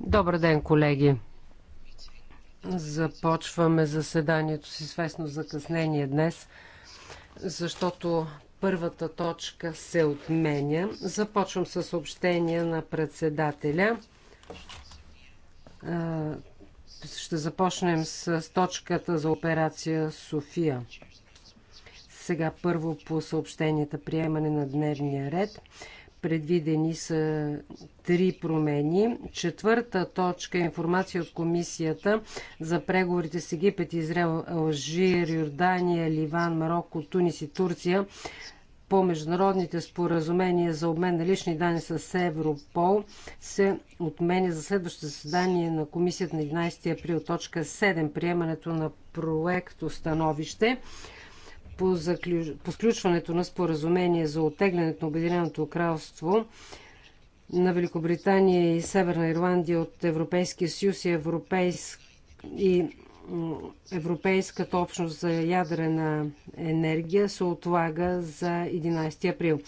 Добър ден, колеги. Започваме заседанието с известно закъснение днес, защото първата точка се отменя. Започвам с съобщение на председателя. Ще започнем с точката за операция София. Сега първо по съобщенията приемане на дневния ред. Предвидени са три промени. Четвърта точка е информация от комисията за преговорите с Египет, Израел, Алжир, Йордания, Ливан, Марокко, Тунис и Турция по международните споразумения за обмен на лични данни с Европол се отменя за следващото заседание на комисията на 11 април. Точка 7. Приемането на проект становище по, заклю... по сключването на споразумение за оттеглянето на Обединеното кралство на Великобритания и Северна Ирландия от Европейския съюз и, европейск... и Европейската общност за ядрена енергия се отлага за 11 април.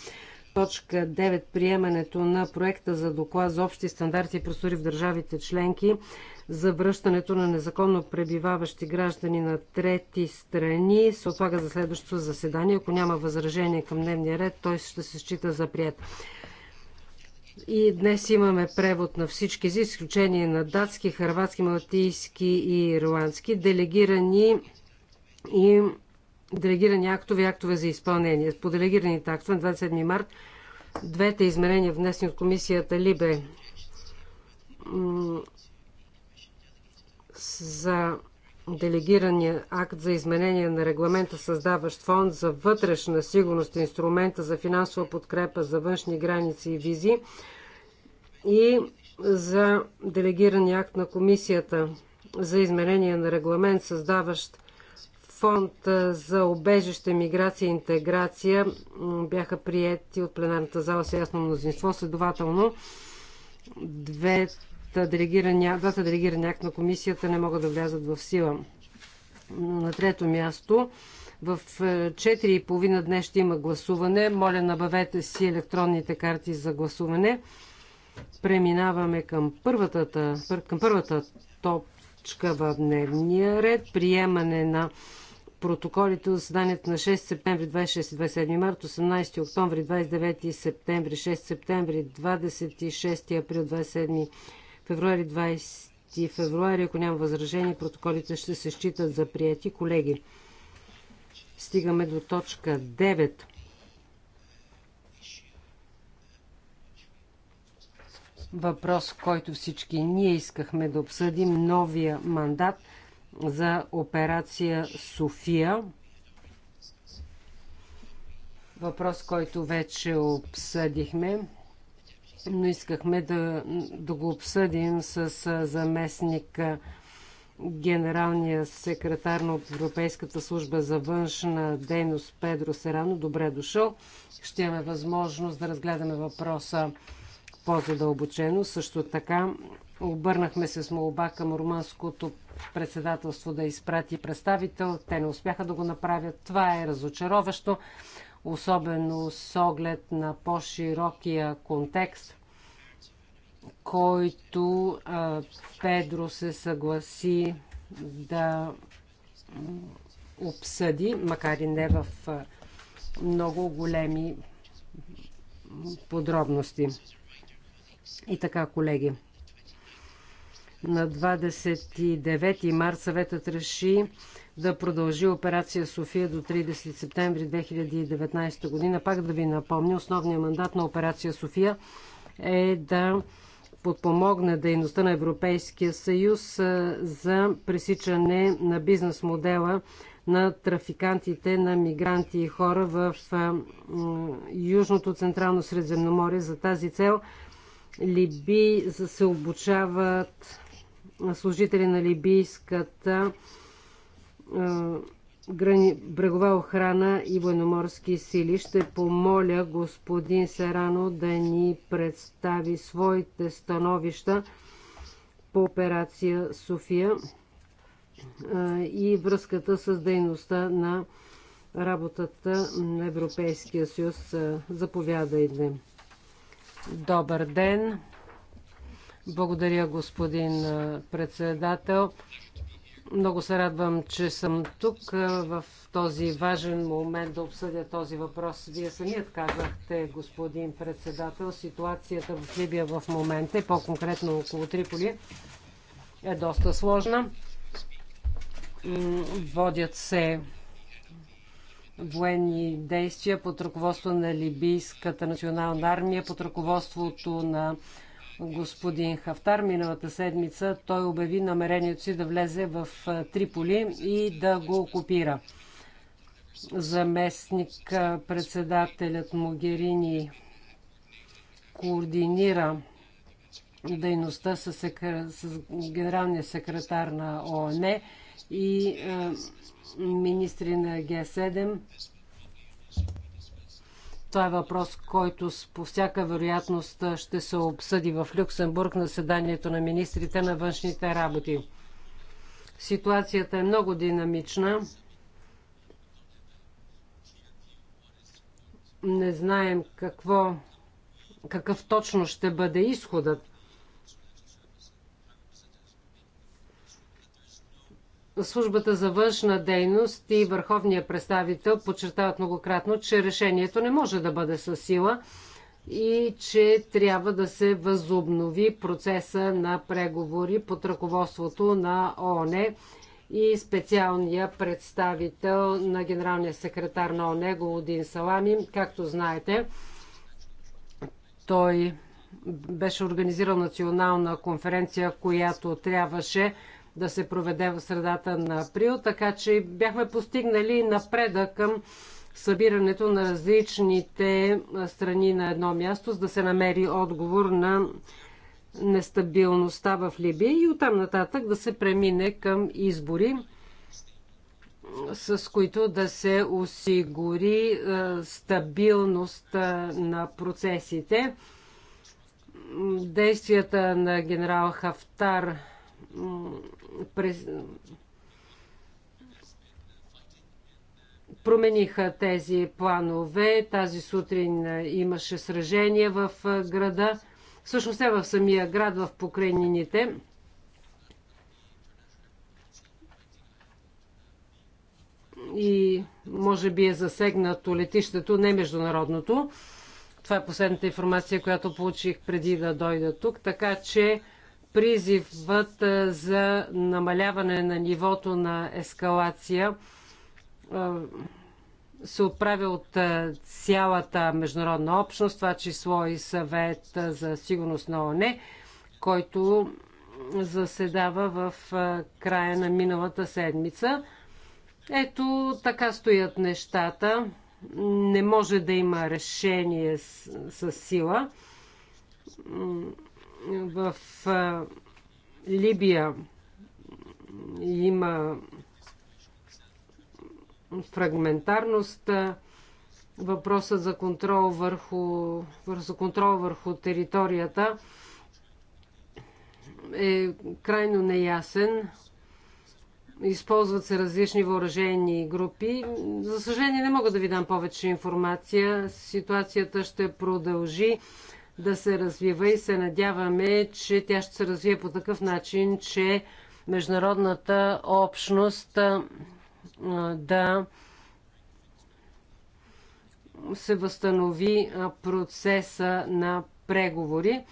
Точка 9. Приемането на проекта за доклад за общи стандарти и процедури в държавите членки за връщането на незаконно пребиваващи граждани на трети страни се отлага за следващото заседание. Ако няма възражение към дневния ред, той ще се счита за прият. И днес имаме превод на всички, за изключение на датски, харватски, малтийски и ирландски, делегирани и делегирани актове и актове за изпълнение. По делегираните актове на 27 март двете измерения, внесени от комисията Либе, за делегирания акт за изменение на регламента, създаващ фонд за вътрешна сигурност, инструмента за финансова подкрепа за външни граници и визи и за делегирания акт на комисията за изменение на регламент, създаващ фонд за обежище, миграция и интеграция бяха приети от пленарната зала с ясно мнозинство. Следователно, двете двата делегирани акт на комисията не могат да влязат в сила. На трето място, в 4.30 е, днес ще има гласуване. Моля, набавете си електронните карти за гласуване. Преминаваме към първата, към първата точка в дневния ред. Приемане на протоколите от заседанието на 6 септември, 26 и 27 март, 18 октомври, 29 септември, 6 септември, 26 април, 27 Февруари 20 февруари, ако няма възражение, протоколите ще се считат за прияти. Колеги, стигаме до точка 9. Въпрос, който всички ние искахме да обсъдим, новия мандат за операция София. Въпрос, който вече обсъдихме но искахме да, да го обсъдим с заместник генералния секретар на Европейската служба за външна дейност Педро Серано. Добре дошъл. Ще имаме възможност да разгледаме въпроса по-задълбочено. Също така обърнахме се с молба към румънското председателство да изпрати представител. Те не успяха да го направят. Това е разочароващо особено с оглед на по-широкия контекст, който Педро се съгласи да обсъди, макар и не в много големи подробности. И така, колеги. На 29 март съветът реши да продължи операция София до 30 септември 2019 година. Пак да ви напомня, основният мандат на операция София е да подпомогне дейността на Европейския съюз за пресичане на бизнес модела на трафикантите на мигранти и хора в Южното Централно Средземноморие. За тази цел Либи се обучават служители на либийската грани, брегова охрана и военноморски сили. Ще помоля господин Серано да ни представи своите становища по операция София и връзката с дейността на работата на Европейския съюз. Заповядайте. Добър ден! Благодаря, господин председател. Много се радвам, че съм тук в този важен момент да обсъдя този въпрос. Вие самият казахте, господин председател, ситуацията в Либия в момента, по-конкретно около Триполи, е доста сложна. Водят се военни действия под ръководство на Либийската национална армия, под ръководството на господин Хафтар. Миналата седмица той обяви намерението си да влезе в Триполи и да го окупира. Заместник председателят Могерини координира дейността с, с генералния секретар на ООН и е, министри на Г7 това е въпрос, който по всяка вероятност ще се обсъди в Люксембург на седанието на министрите на външните работи. Ситуацията е много динамична. Не знаем какво, какъв точно ще бъде изходът. службата за външна дейност и върховния представител подчертават многократно, че решението не може да бъде със сила и че трябва да се възобнови процеса на преговори под ръководството на ООН и специалния представител на генералния секретар на ООН Голодин Салами. Както знаете, той беше организирал национална конференция, която трябваше да се проведе в средата на април, така че бяхме постигнали напреда към събирането на различните страни на едно място, за да се намери отговор на нестабилността в Либия и оттам нататък да се премине към избори, с които да се осигури стабилност на процесите. Действията на генерал Хафтар през... промениха тези планове. Тази сутрин имаше сражение в града. Всъщност е в самия град, в покрайнините. И може би е засегнато летището, не международното. Това е последната информация, която получих преди да дойда тук. Така че призивът за намаляване на нивото на ескалация се отправя от цялата международна общност, това число и съвет за сигурност на ОНЕ, който заседава в края на миналата седмица. Ето така стоят нещата. Не може да има решение с, сила в Либия има фрагментарност, Въпросът за контрол върху, за контрол върху територията е крайно неясен. Използват се различни въоръжени групи. За съжаление не мога да ви дам повече информация. Ситуацията ще продължи да се развива и се надяваме, че тя ще се развие по такъв начин, че международната общност да се възстанови процеса на преговори,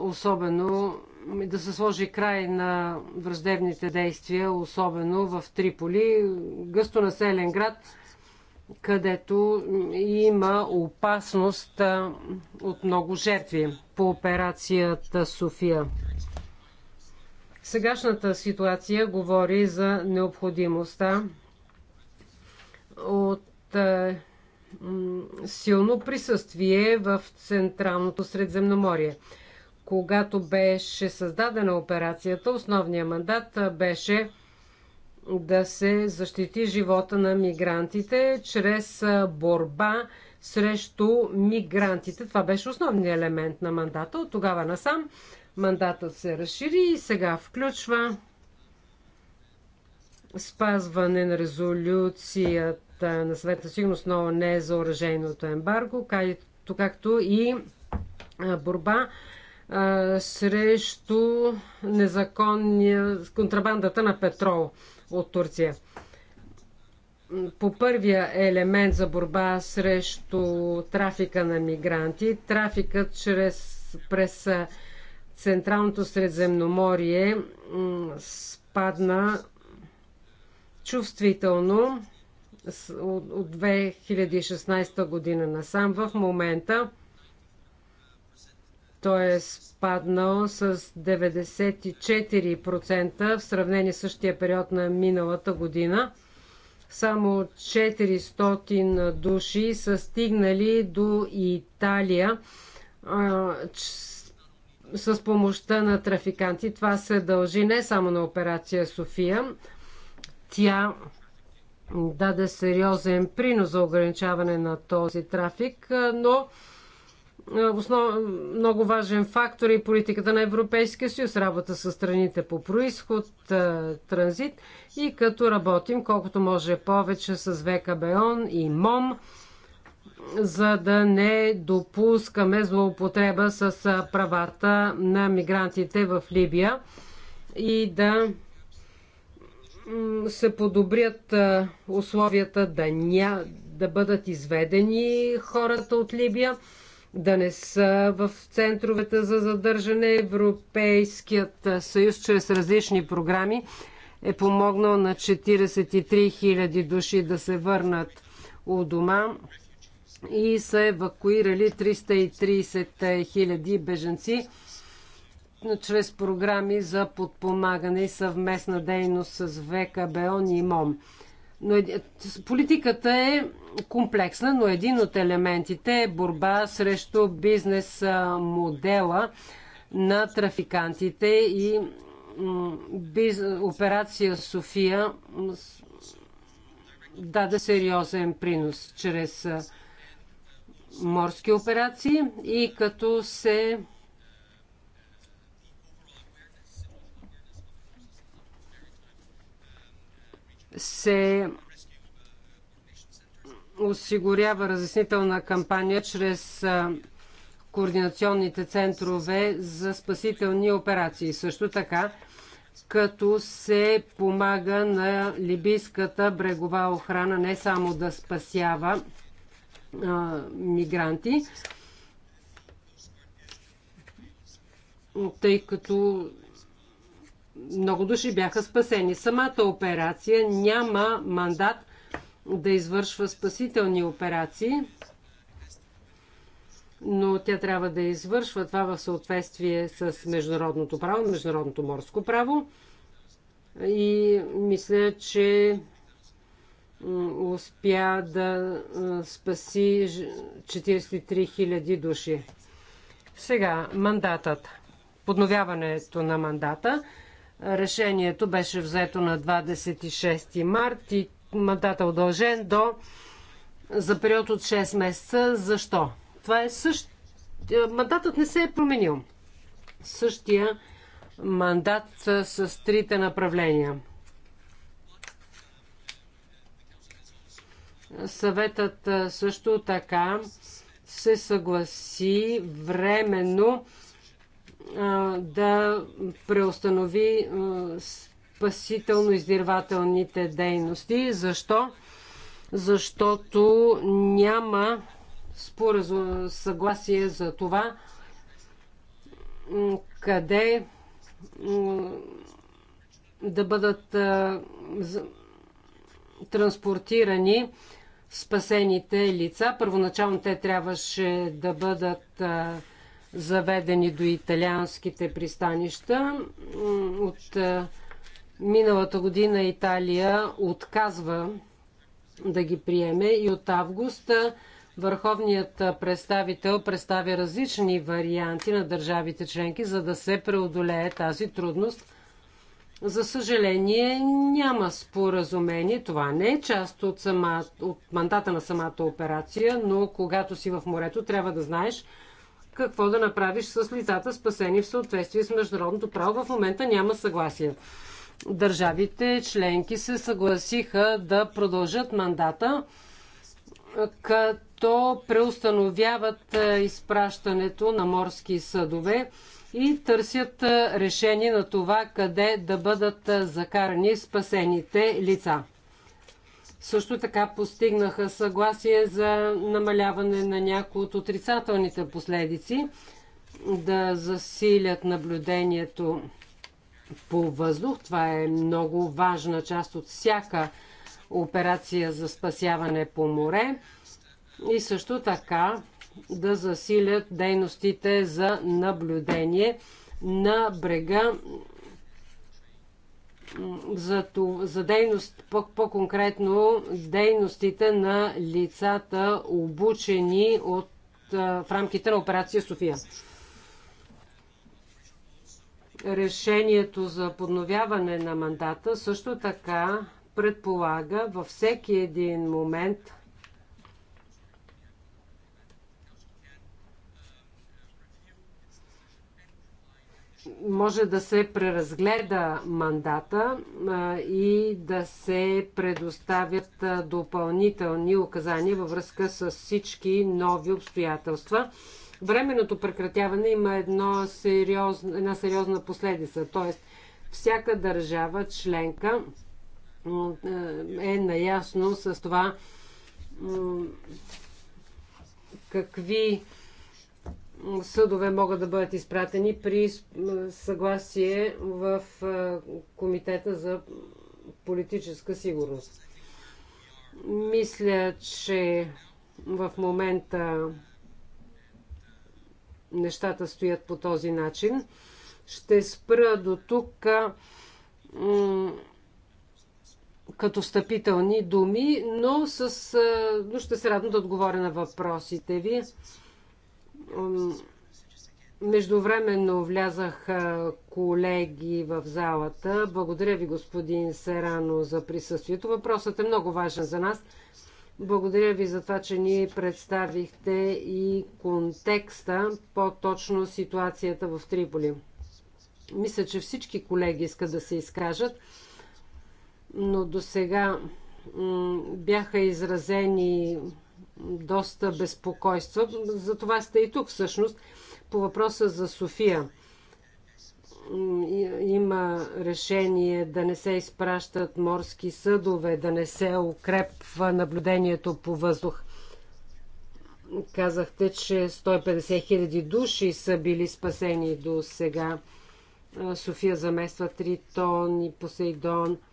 особено да се сложи край на враждебните действия, особено в Триполи, гъсто населен град, където има опасност от много жертви по операцията София. Сегашната ситуация говори за необходимостта от силно присъствие в Централното Средземноморие. Когато беше създадена операцията, основният мандат беше да се защити живота на мигрантите чрез борба срещу мигрантите. Това беше основният елемент на мандата. От тогава насам мандатът се разшири и сега включва спазване на резолюцията на Съвета сигурност на не за оръжейното ембарго, както и борба срещу незаконния контрабандата на петрол от Турция. По първия елемент за борба срещу трафика на мигранти, трафикът чрез, през Централното Средземноморие спадна чувствително от 2016 година насам. В момента той е спаднал с 94% в сравнение с същия период на миналата година. Само 400 души са стигнали до Италия а, с помощта на трафиканти. Това се дължи не само на операция София. Тя даде сериозен принос за ограничаване на този трафик, но е, основ... Много важен фактор е политиката на Европейския съюз, работа с страните по происход, е, транзит и като работим колкото може повече с ВКБОН и МОМ, за да не допускаме злоупотреба с е, правата на мигрантите в Либия и да се подобрят условията да, ня... да бъдат изведени хората от Либия да не са в центровете за задържане. Европейският съюз чрез различни програми е помогнал на 43 000 души да се върнат у дома и са евакуирали 330 000 беженци чрез програми за подпомагане и съвместна дейност с ВКБО и МОМ. Но политиката е комплексна, но един от елементите е борба срещу бизнес модела на трафикантите и биз... операция София даде сериозен принос чрез морски операции и като се се осигурява разяснителна кампания чрез координационните центрове за спасителни операции. Също така, като се помага на либийската брегова охрана не само да спасява а, мигранти, тъй като много души бяха спасени. Самата операция няма мандат да извършва спасителни операции, но тя трябва да извършва това в съответствие с международното право, международното морско право. И мисля, че успя да спаси 43 000 души. Сега мандатът, подновяването на мандата. Решението беше взето на 26 март и мандата е удължен до за период от 6 месеца. Защо? Това е същ... Е, мандатът не се е променил. Същия мандат с трите направления. Съветът е, също така се съгласи временно да преустанови спасително-издирвателните дейности. Защо? Защото няма съгласие за това къде да бъдат транспортирани спасените лица. Първоначално те трябваше да бъдат заведени до италианските пристанища. От е, миналата година Италия отказва да ги приеме и от август е, върховният представител представя различни варианти на държавите членки, за да се преодолее тази трудност. За съжаление, няма споразумение. Това не е част от, сама, от мандата на самата операция, но когато си в морето, трябва да знаеш – какво да направиш с лицата спасени в съответствие с международното право. В момента няма съгласие. Държавите членки се съгласиха да продължат мандата, като преустановяват е, изпращането на морски съдове и търсят е, решение на това къде да бъдат е, закарани спасените лица. Също така постигнаха съгласие за намаляване на някои от отрицателните последици, да засилят наблюдението по въздух. Това е много важна част от всяка операция за спасяване по море. И също така да засилят дейностите за наблюдение на брега за, за дейност, по-конкретно по дейностите на лицата, обучени от, в рамките на операция София. Решението за подновяване на мандата също така предполага във всеки един момент може да се преразгледа мандата и да се предоставят допълнителни указания във връзка с всички нови обстоятелства. Временното прекратяване има едно сериозна, една сериозна последица, т.е. всяка държава членка е наясно с това какви съдове могат да бъдат изпратени при съгласие в Комитета за политическа сигурност. Мисля, че в момента нещата стоят по този начин. Ще спра до тук като стъпителни думи, но, с, но ще се радвам да отговоря на въпросите ви. Междувременно влязаха колеги в залата. Благодаря ви, господин Серано, за присъствието. Въпросът е много важен за нас. Благодаря ви за това, че ни представихте и контекста, по-точно ситуацията в Триполи. Мисля, че всички колеги искат да се изкажат, но до сега бяха изразени доста безпокойства. Затова сте и тук всъщност. По въпроса за София има решение да не се изпращат морски съдове, да не се укрепва наблюдението по въздух. Казахте, че 150 хиляди души са били спасени до сега. София замества Тритон и Посейдон –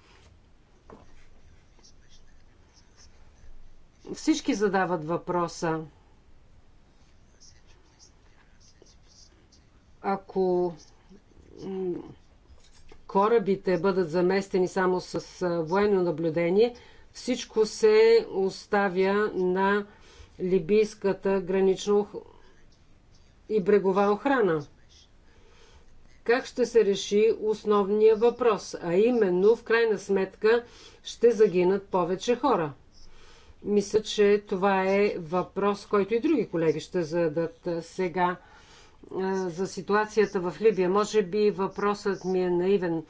Всички задават въпроса. Ако корабите бъдат заместени само с военно наблюдение, всичко се оставя на либийската гранична и брегова охрана. Как ще се реши основния въпрос, а именно в крайна сметка ще загинат повече хора. Мисля, че това е въпрос, който и други колеги ще зададат сега за ситуацията в Либия. Може би въпросът ми е наивен,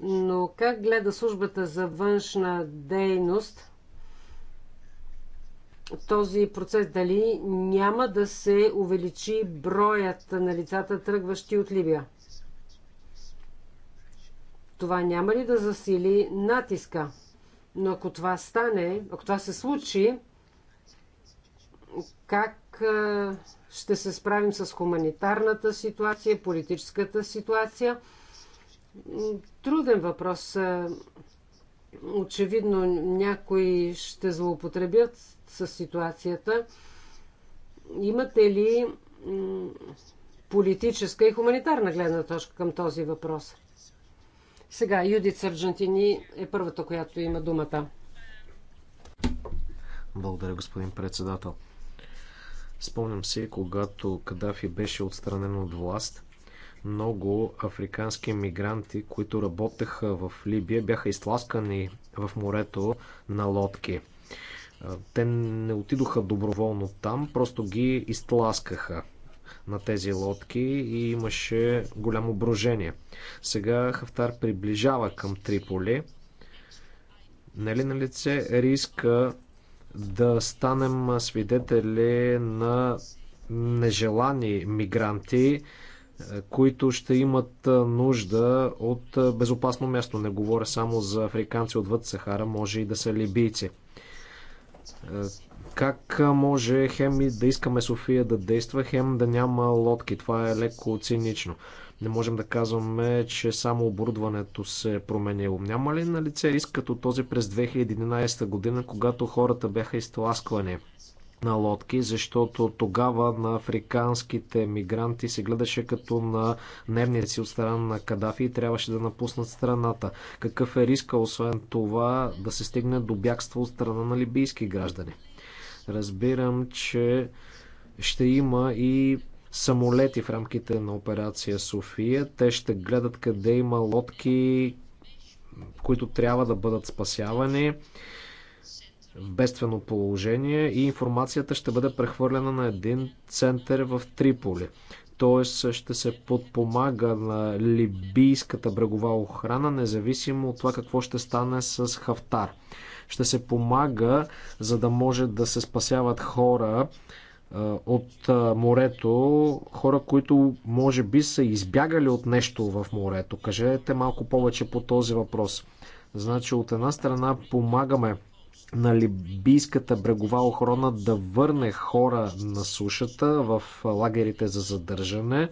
но как гледа службата за външна дейност този процес? Дали няма да се увеличи броят на лицата, тръгващи от Либия? Това няма ли да засили натиска? Но ако това стане, ако това се случи, как ще се справим с хуманитарната ситуация, политическата ситуация? Труден въпрос. Очевидно някои ще злоупотребят с ситуацията. Имате ли политическа и хуманитарна гледна точка към този въпрос? Сега Юдит Сърджантини е първата, която има думата. Благодаря, господин председател. Спомням си, когато Кадафи беше отстранен от власт, много африкански мигранти, които работеха в Либия, бяха изтласкани в морето на лодки. Те не отидоха доброволно там, просто ги изтласкаха на тези лодки и имаше голямо брожение. Сега Хафтар приближава към Триполи. Нали на лице риска да станем свидетели на нежелани мигранти, е, които ще имат е, нужда от е, безопасно място. Не говоря само за африканци отвъд Сахара, може и да са либийци. Как може хем и да искаме София да действа, хем да няма лодки? Това е леко цинично. Не можем да казваме, че само оборудването се е променило. Няма ли на лице риск като този през 2011 година, когато хората бяха изтласквани на лодки, защото тогава на африканските мигранти се гледаше като на дневници от страна на Кадафи и трябваше да напуснат страната. Какъв е риска, освен това, да се стигне до бягство от страна на либийски граждани? Разбирам, че ще има и самолети в рамките на операция София. Те ще гледат къде има лодки, които трябва да бъдат спасявани в бедствено положение и информацията ще бъде прехвърлена на един център в Триполи. Тоест ще се подпомага на либийската брегова охрана, независимо от това какво ще стане с Хафтар ще се помага, за да може да се спасяват хора от морето, хора, които може би са избягали от нещо в морето. Кажете малко повече по този въпрос. Значи от една страна помагаме на либийската брегова охрана да върне хора на сушата в лагерите за задържане.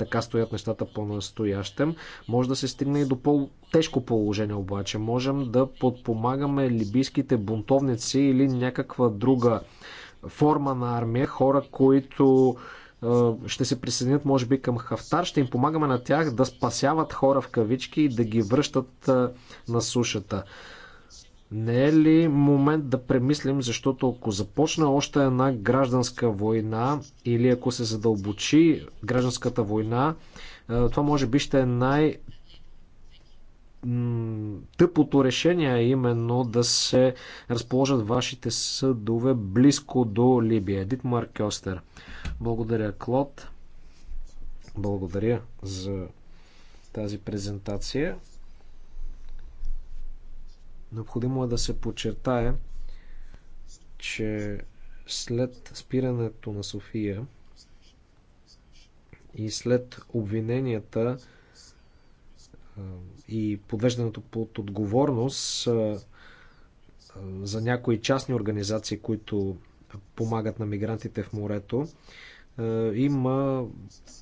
Така стоят нещата по-настоящем. Може да се стигне и до по-тежко положение обаче. Можем да подпомагаме либийските бунтовници или някаква друга форма на армия, хора, които е, ще се присъединят, може би, към Хафтар. Ще им помагаме на тях да спасяват хора в кавички и да ги връщат е, на сушата. Не е ли момент да премислим, защото ако започне още една гражданска война или ако се задълбочи гражданската война, е, това може би ще е най- тъпото решение, е именно да се разположат вашите съдове близко до Либия. Едит Марк Остер. Благодаря, Клод. Благодаря за тази презентация. Необходимо е да се подчертае, че след спирането на София и след обвиненията и подвеждането под отговорност за някои частни организации, които помагат на мигрантите в морето, има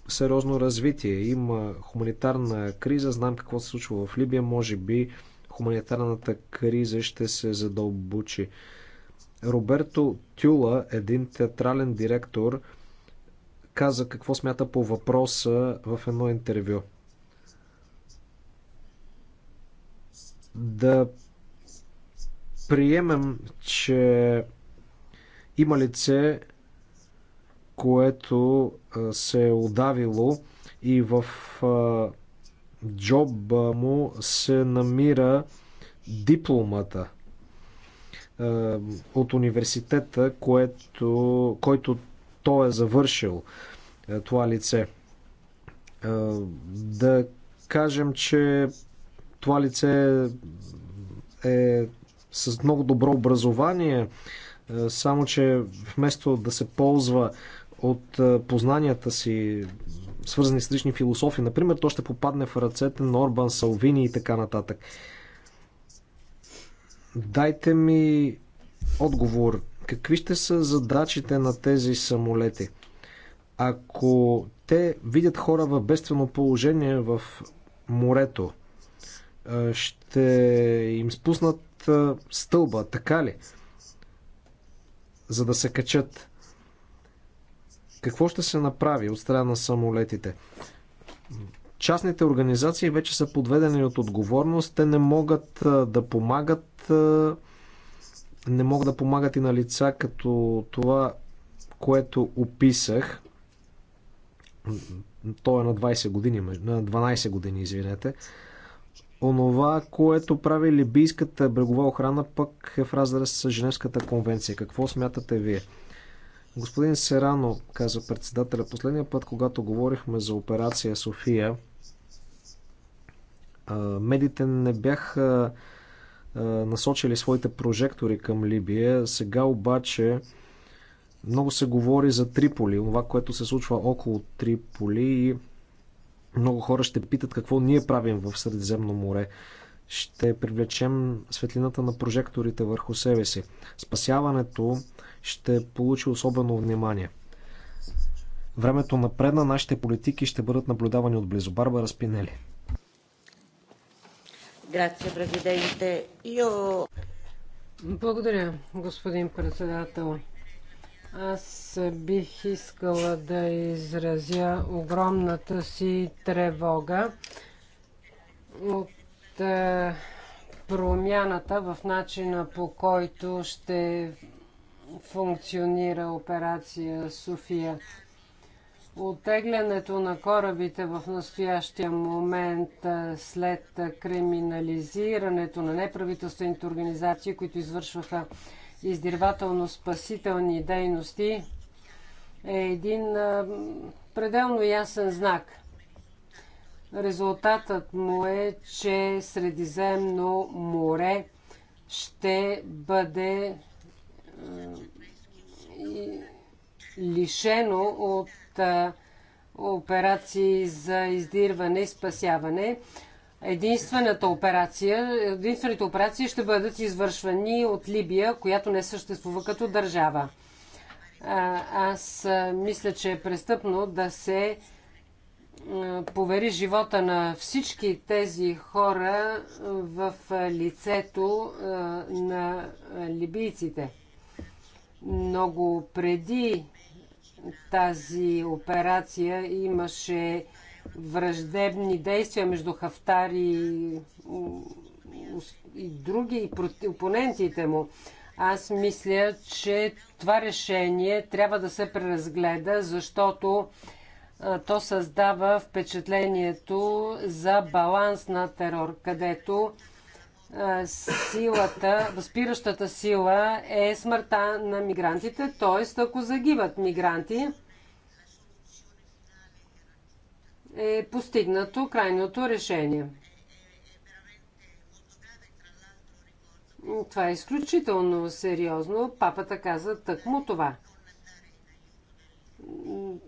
сериозно развитие. Има хуманитарна криза. Знам какво се случва в Либия. Може би хуманитарната криза ще се задълбочи. Роберто Тюла, един театрален директор, каза какво смята по въпроса в едно интервю. Да приемем, че има лице, което се е удавило и в джоба му се намира дипломата от университета, което, който той е завършил това лице. Да кажем, че това лице е с много добро образование, само че вместо да се ползва от познанията си свързани с различни философии, например, то ще попадне в ръцете на Орбан, Салвини и така нататък. Дайте ми отговор. Какви ще са задачите на тези самолети? Ако те видят хора в бедствено положение в морето, ще им спуснат стълба, така ли? За да се качат. Какво ще се направи от страна на самолетите? Частните организации вече са подведени от отговорност. Те не могат да помагат не могат да помагат и на лица като това, което описах. То е на 20 години, на 12 години, извинете. Онова, което прави либийската брегова охрана, пък е в разрез с Женевската конвенция. Какво смятате вие? Господин Серано, каза председателя, последния път, когато говорихме за операция София, медите не бяха насочили своите прожектори към Либия. Сега обаче много се говори за Триполи, това, което се случва около Триполи и много хора ще питат какво ние правим в Средиземно море. Ще привлечем светлината на прожекторите върху себе си. Спасяването ще получи особено внимание. Времето напредна, нашите политики ще бъдат наблюдавани отблизо. Барбара Спинели. президенте, Благодаря, господин председател. Аз бих искала да изразя огромната си тревога от е, промяната в начина по който ще функционира операция София. Отеглянето на корабите в настоящия момент след криминализирането на неправителствените организации, които извършваха издирвателно-спасителни дейности, е един пределно ясен знак. Резултатът му е, че Средиземно море ще бъде лишено от операции за издирване и спасяване. Единствената операция, единствените операции ще бъдат извършвани от Либия, която не съществува като държава. аз мисля, че е престъпно да се повери живота на всички тези хора в лицето на либийците. Много преди тази операция имаше враждебни действия между Хафтар и, и други и опонентите му. Аз мисля, че това решение трябва да се преразгледа, защото то създава впечатлението за баланс на терор, където силата, възпиращата сила е смъртта на мигрантите, т.е. ако загиват мигранти, е постигнато крайното решение. Това е изключително сериозно. Папата каза тъкмо това.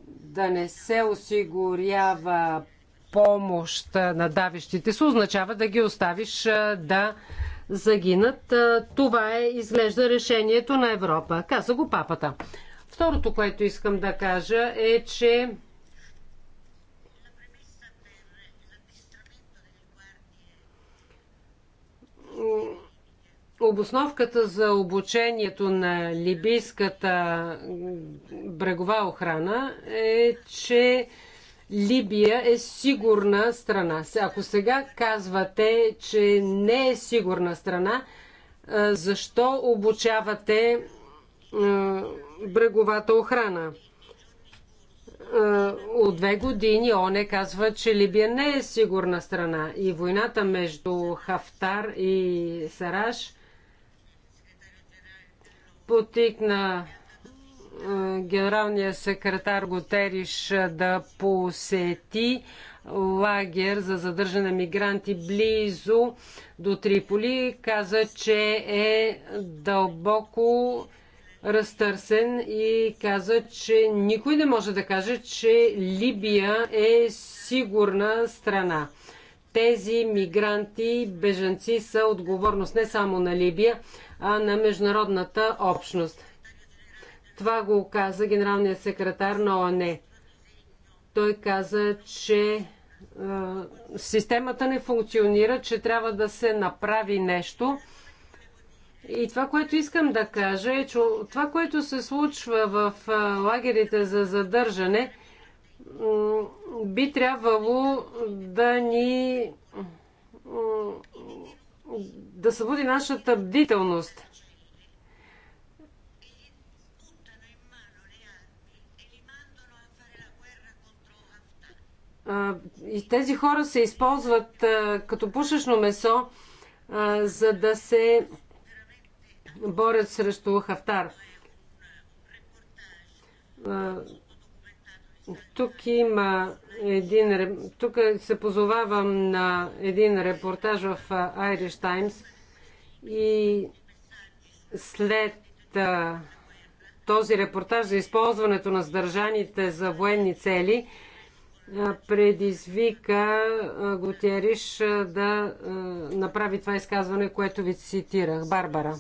Да не се осигурява помощ на давещите се, означава да ги оставиш да загинат. Това е, изглежда, решението на Европа. Каза го папата. Второто, което искам да кажа е, че обосновката за обучението на либийската брегова охрана е, че Либия е сигурна страна. Ако сега казвате, че не е сигурна страна, защо обучавате бреговата охрана? От две години ОНЕ казва, че Либия не е сигурна страна и войната между Хафтар и Сараш потикна е, генералният секретар Готериш е, да посети лагер за задържане на мигранти близо до Триполи. Каза, че е дълбоко разтърсен и каза, че никой не може да каже, че Либия е сигурна страна. Тези мигранти, бежанци са отговорност не само на Либия, а на международната общност. Това го каза генералният секретар на ООН. Той каза, че е, системата не функционира, че трябва да се направи нещо. И това, което искам да кажа е, че това, което се случва в лагерите за задържане, би трябвало да ни да събуди нашата бдителност. и тези хора се използват като пушечно месо, за да се борят срещу Хафтар. Тук има един... Тук се позовавам на един репортаж в Irish Times и след този репортаж за използването на задържаните за военни цели, предизвика Готиериш да направи това изказване, което ви цитирах. Барбара.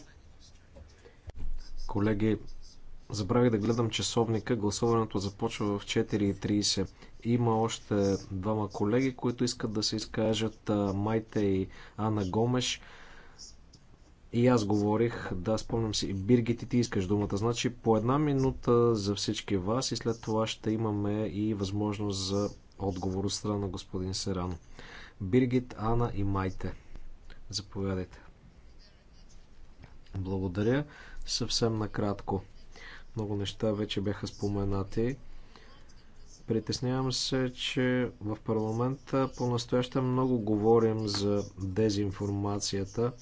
Колеги, забравих да гледам часовника. Гласуването започва в 4.30. Има още двама колеги, които искат да се изкажат. Майте и Ана Гомеш. И аз говорих, да, спомням си, Биргити, ти искаш думата. Значи по една минута за всички вас и след това ще имаме и възможност за отговор от страна на господин Серано. Биргит, Ана и Майте. Заповядайте. Благодаря. Съвсем накратко. Много неща вече бяха споменати. Притеснявам се, че в парламента по-настояще много говорим за дезинформацията.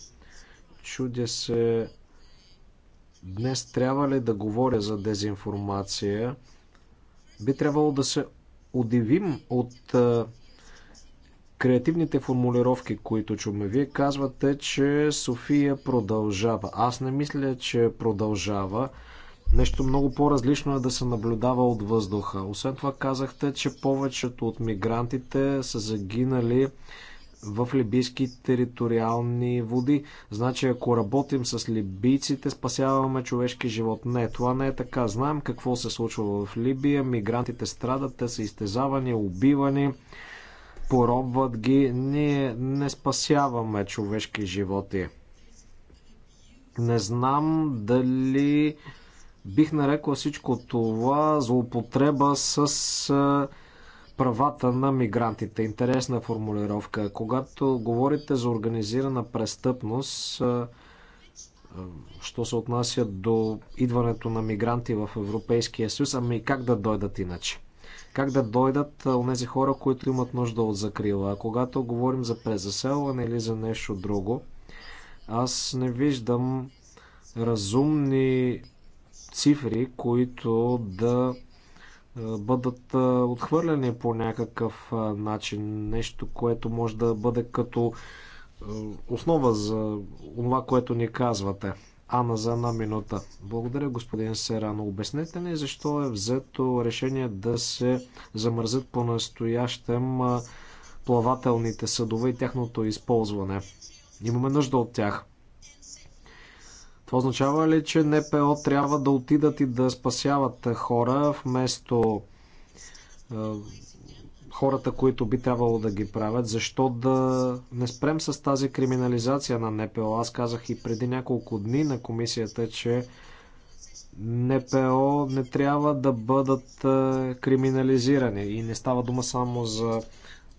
Чудя се днес трябва ли да говоря за дезинформация. Би трябвало да се удивим от креативните формулировки, които чуме. Вие казвате, че София продължава. Аз не мисля, че продължава. Нещо много по-различно е да се наблюдава от въздуха. Освен това казахте, че повечето от мигрантите са загинали в либийски териториални води. Значи, ако работим с либийците, спасяваме човешки живот. Не, това не е така. Знаем какво се случва в Либия. Мигрантите страдат, те са изтезавани, убивани, поробват ги. Ние не спасяваме човешки животи. Не знам дали бих нарекла всичко това злоупотреба с правата на мигрантите. Интересна формулировка. Когато говорите за организирана престъпност, що се отнася до идването на мигранти в Европейския съюз, ами как да дойдат иначе? Как да дойдат онези хора, които имат нужда от закрила? А когато говорим за презаселване или за нещо друго, аз не виждам разумни цифри, които да бъдат отхвърлени по някакъв начин. Нещо, което може да бъде като основа за това, което ни казвате. Ана за една минута. Благодаря, господин Серано. Обяснете ни защо е взето решение да се замързат по-настоящем плавателните съдове и тяхното използване. Имаме нужда от тях. Това означава ли, че НПО трябва да отидат и да спасяват хора вместо е, хората, които би трябвало да ги правят? Защо да не спрем с тази криминализация на НПО? Аз казах и преди няколко дни на комисията, че НПО не трябва да бъдат е, криминализирани. И не става дума само за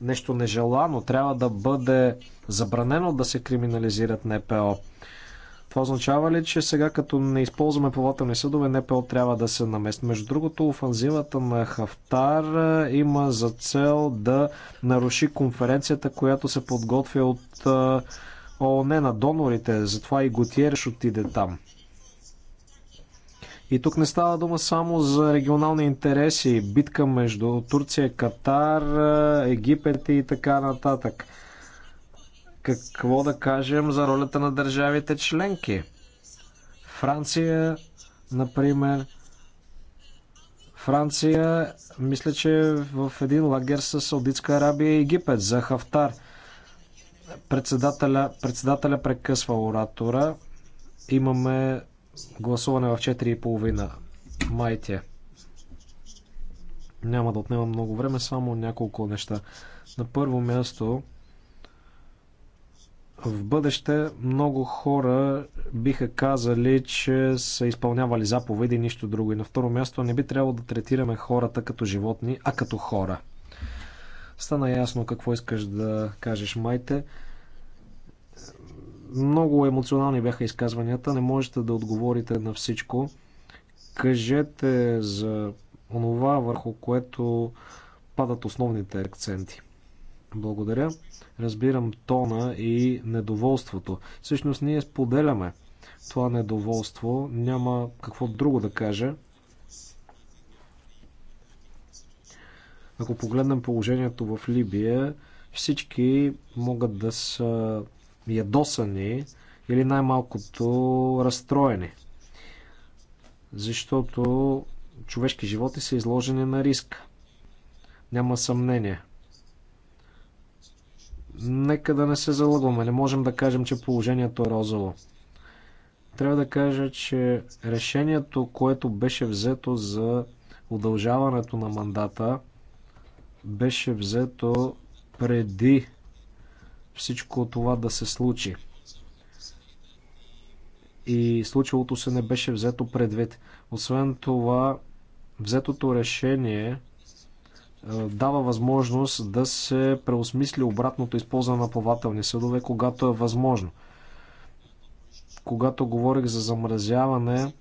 нещо нежелано. Трябва да бъде забранено да се криминализират НПО. Това означава ли, че сега като не използваме плавателни съдове, НПО трябва да се намести? Между другото, офанзивата на Хафтар е, има за цел да наруши конференцията, която се подготвя от е, ООН на донорите. Затова и Готиереш отиде там. И тук не става дума само за регионални интереси, битка между Турция, Катар, е, Египет и така нататък. Какво да кажем за ролята на държавите членки? Франция, например, Франция, мисля, че в един лагер с Саудитска Арабия и Египет за Хафтар. Председателя, председателя прекъсва оратора. Имаме гласуване в 4.30. Майте. Няма да отнема много време, само няколко неща. На първо място, в бъдеще много хора биха казали, че са изпълнявали заповеди и нищо друго. И на второ място не би трябвало да третираме хората като животни, а като хора. Стана ясно какво искаш да кажеш, майте. Много емоционални бяха изказванията, не можете да отговорите на всичко. Кажете за онова, върху което падат основните акценти. Благодаря. Разбирам тона и недоволството. Всъщност ние споделяме това недоволство. Няма какво друго да кажа. Ако погледнем положението в Либия, всички могат да са ядосани или най-малкото разстроени. Защото човешки животи са изложени на риск. Няма съмнение. Нека да не се залъгваме. Не можем да кажем, че положението е розово. Трябва да кажа, че решението, което беше взето за удължаването на мандата, беше взето преди всичко това да се случи. И случилото се не беше взето предвид. Освен това, взетото решение е, дава възможност да се преосмисли обратното използване на плавателни съдове, когато е възможно. Когато говорих за замразяване,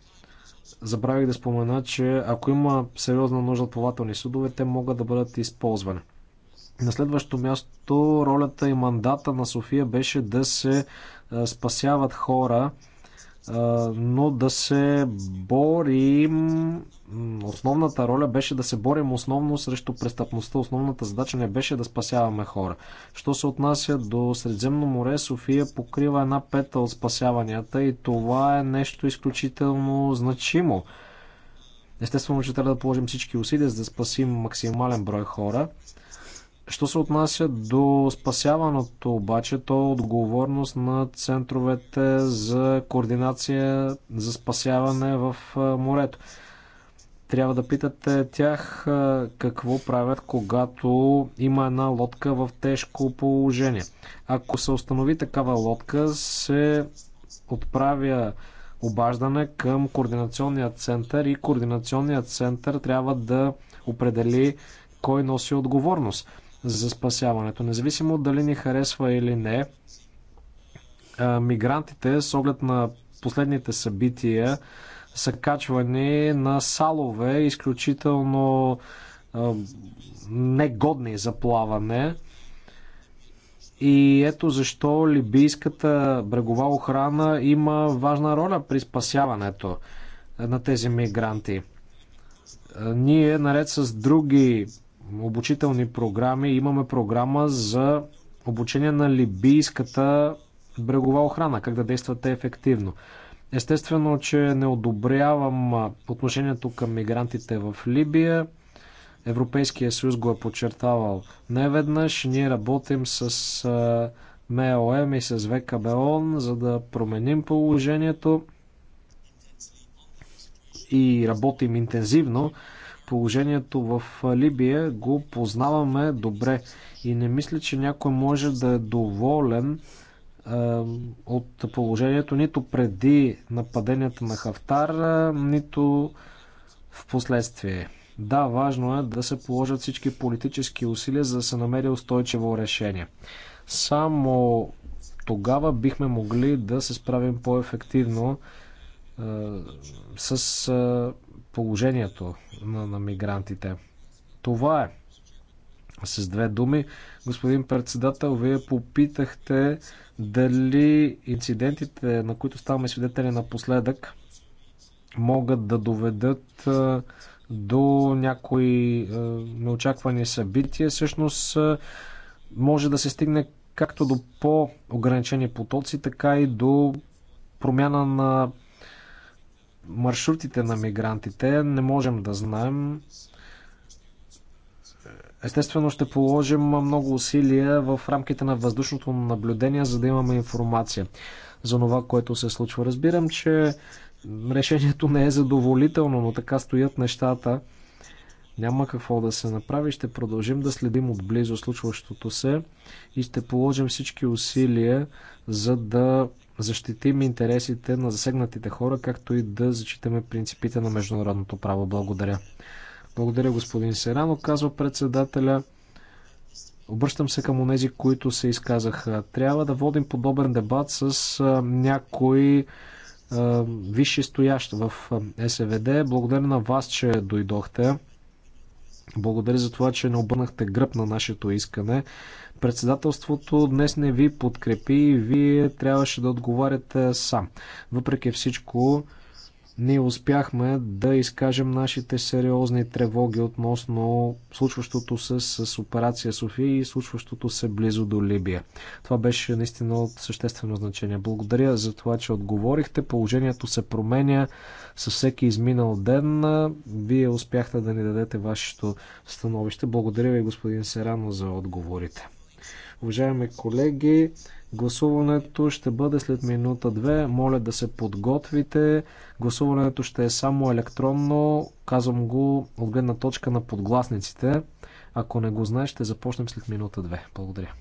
забравих да спомена, че ако има сериозна нужда от плавателни съдове, те могат да бъдат използвани. На следващо място, ролята и мандата на София беше да се е, спасяват хора, но да се борим. Основната роля беше да се борим основно срещу престъпността. Основната задача не беше да спасяваме хора. Що се отнася до Средземно море, София покрива една пета от спасяванията и това е нещо изключително значимо. Естествено, че трябва да положим всички усилия, за да спасим максимален брой хора. Що се отнася до спасяваното обаче, то е отговорност на центровете за координация за спасяване в морето. Трябва да питате тях какво правят, когато има една лодка в тежко положение. Ако се установи такава лодка, се отправя обаждане към координационния център и координационният център трябва да определи кой носи отговорност за спасяването. Независимо дали ни харесва или не, мигрантите с оглед на последните събития са качвани на салове, изключително негодни за плаване. И ето защо либийската брегова охрана има важна роля при спасяването на тези мигранти. Ние, наред с други обучителни програми. Имаме програма за обучение на либийската брегова охрана, как да действат те ефективно. Естествено, че не одобрявам отношението към мигрантите в Либия. Европейския съюз го е подчертавал неведнъж. Ние работим с МОМ и с ВКБОН, за да променим положението и работим интензивно Положението в Либия го познаваме добре и не мисля, че някой може да е доволен от положението нито преди нападенията на Хафтар, нито в последствие. Да, важно е да се положат всички политически усилия, за да се намери устойчиво решение. Само тогава бихме могли да се справим по-ефективно е, с е, положението на, на мигрантите. Това е. С две думи, господин председател, вие попитахте дали инцидентите, на които ставаме свидетели напоследък, могат да доведат до някои неочаквани събития. Всъщност, може да се стигне както до по-ограничени потоци, така и до промяна на маршрутите на мигрантите не можем да знаем. Естествено ще положим много усилия в рамките на въздушното наблюдение, за да имаме информация за това, което се случва. Разбирам, че решението не е задоволително, но така стоят нещата. Няма какво да се направи. Ще продължим да следим отблизо случващото се и ще положим всички усилия, за да защитим интересите на засегнатите хора, както и да зачитаме принципите на международното право. Благодаря. Благодаря, господин Серано, казва председателя. Обръщам се към онези, които се изказаха. Трябва да водим подобен дебат с някои висши стоящи в СВД. Благодаря на вас, че дойдохте. Благодаря за това, че не обърнахте гръб на нашето искане. Председателството днес не ви подкрепи и вие трябваше да отговаряте сам. Въпреки всичко, ние успяхме да изкажем нашите сериозни тревоги относно случващото се с операция София и случващото се близо до Либия. Това беше наистина от съществено значение. Благодаря за това, че отговорихте. Положението се променя със всеки изминал ден. Вие успяхте да ни дадете вашето становище. Благодаря ви, господин Серано, за отговорите. Уважаеми колеги, гласуването ще бъде след минута-две. Моля да се подготвите. Гласуването ще е само електронно. Казвам го от гледна точка на подгласниците. Ако не го знаеш, ще започнем след минута-две. Благодаря.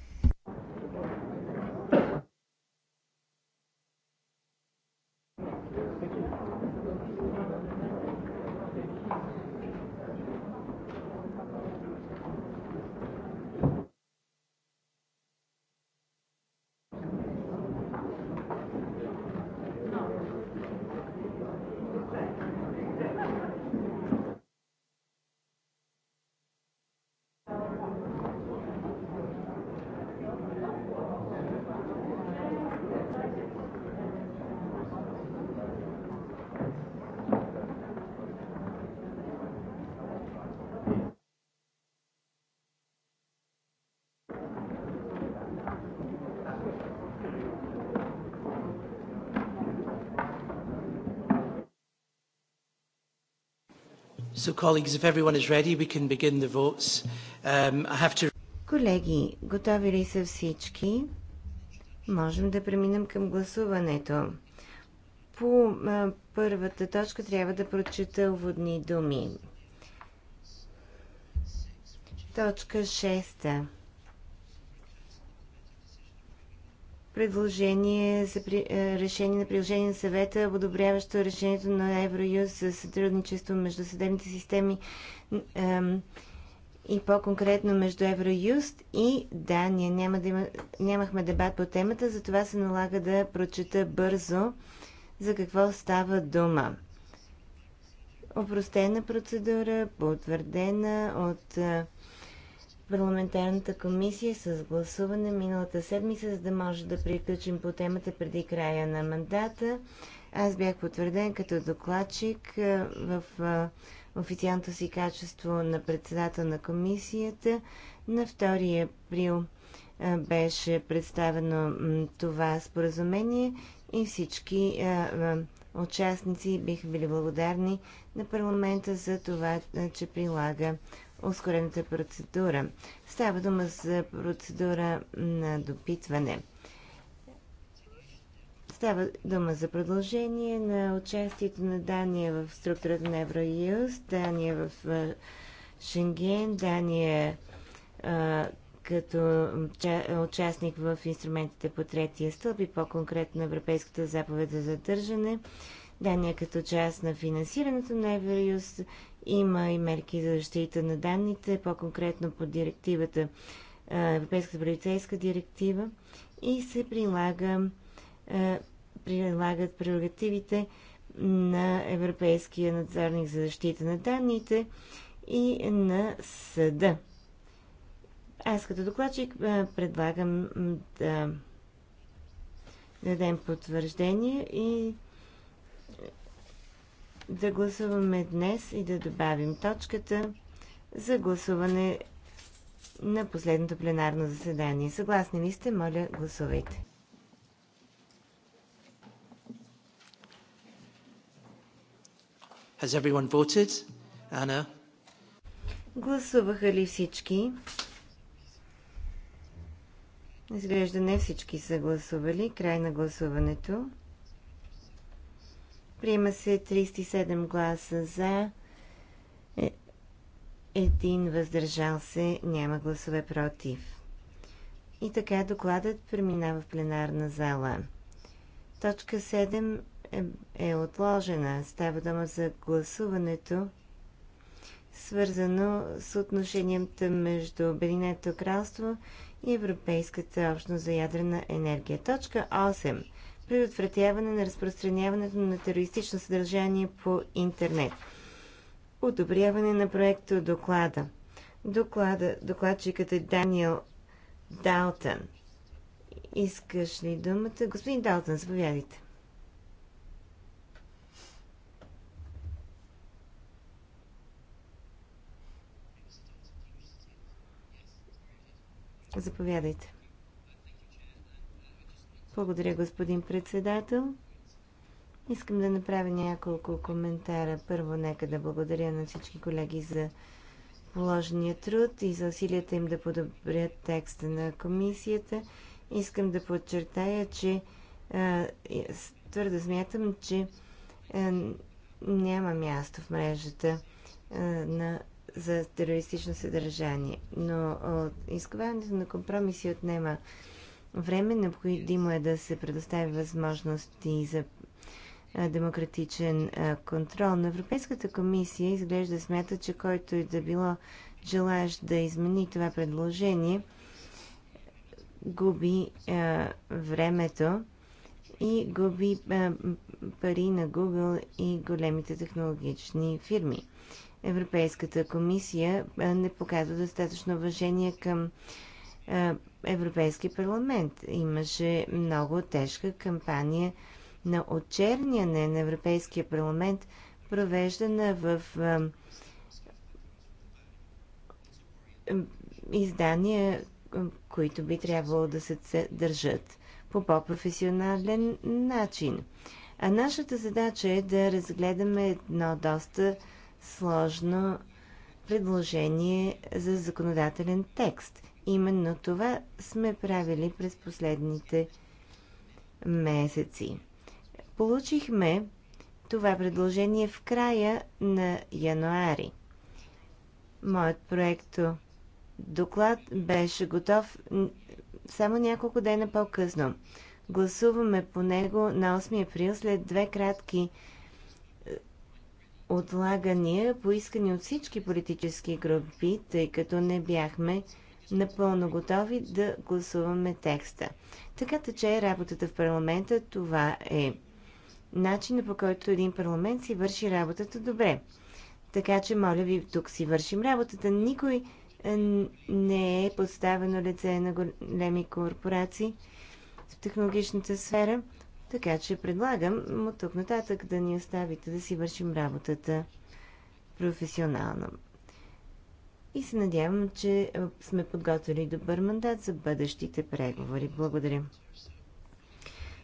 So, colleagues, if everyone is ready, we can begin the votes. Um, I have to... Колеги, готови ли са всички? Можем да преминем към гласуването. По а, първата точка трябва да прочета уводни думи. Точка 6. предложение за при... Е, решение на приложение на съвета, одобряващо решението на Евроюз за сътрудничество между съдебните системи ем, и по-конкретно между Евроюст и да, ние няма да има, нямахме дебат по темата, затова се налага да прочета бързо за какво става дума. Опростена процедура, потвърдена от е, парламентарната комисия с гласуване миналата седмица, за да може да приключим по темата преди края на мандата. Аз бях потвърден като докладчик в официалното си качество на председател на комисията. На 2 април беше представено това споразумение и всички участници биха били благодарни на парламента за това, че прилага ускорената процедура. Става дума за процедура на допитване. Става дума за продължение на участието на Дания в структурата на Евроюз, Дания в Шенген, Дания а, като участник в инструментите по третия стълб и по-конкретно Европейската заповед за задържане, Дания като част на финансирането на Евроюз има и мерки за защита на данните, по-конкретно по директивата, Европейската полицейска директива и се прилага, прилагат прерогативите на Европейския надзорник за защита на данните и на съда. Аз като докладчик предлагам да дадем потвърждение и да гласуваме днес и да добавим точката за гласуване на последното пленарно заседание. Съгласни ли сте? Моля, гласувайте. Has everyone voted? Anna? Гласуваха ли всички? Изглежда не всички са гласували. Край на гласуването. Приема се 37 гласа за, е, един въздържал се, няма гласове против. И така докладът преминава в пленарна зала. Точка 7 е, е отложена. Става дума за гласуването, свързано с отношенията между Белинето кралство и Европейската общност за ядрена енергия. Точка 8 предотвратяване на разпространяването на терористично съдържание по интернет. Одобряване на проекта доклада. доклада докладчикът е Даниел Далтън. Искаш ли думата? Господин Далтън, заповядайте. Заповядайте. Благодаря, господин председател. Искам да направя няколко коментара. Първо, нека да благодаря на всички колеги за положения труд и за усилията им да подобрят текста на комисията. Искам да подчертая, че а, твърдо смятам, че а, няма място в мрежата а, на, за терористично съдържание. Но изковаването на компромиси отнема време. Необходимо е да се предостави възможности за демократичен контрол. На Европейската комисия изглежда смята, че който и да било желаещ да измени това предложение, губи времето и губи пари на Google и големите технологични фирми. Европейската комисия не показва достатъчно уважение към е, Европейски парламент. Имаше много тежка кампания на отчерняне на Европейския парламент, провеждана в е, е, издания, които би трябвало да се държат по по-професионален начин. А нашата задача е да разгледаме едно доста сложно предложение за законодателен текст. Именно това сме правили през последните месеци. Получихме това предложение в края на януари. Моят проекто доклад беше готов само няколко дена по-късно. Гласуваме по него на 8 април след две кратки е, отлагания, поискани от всички политически групи, тъй като не бяхме напълно готови да гласуваме текста. Така тече работата в парламента. Това е начинът, по който един парламент си върши работата добре. Така че, моля ви, тук си вършим работата. Никой е, не е подставено лице на големи корпорации в технологичната сфера. Така че предлагам от тук нататък да ни оставите да си вършим работата професионално и се надявам, че сме подготвили добър мандат за бъдещите преговори. Благодаря.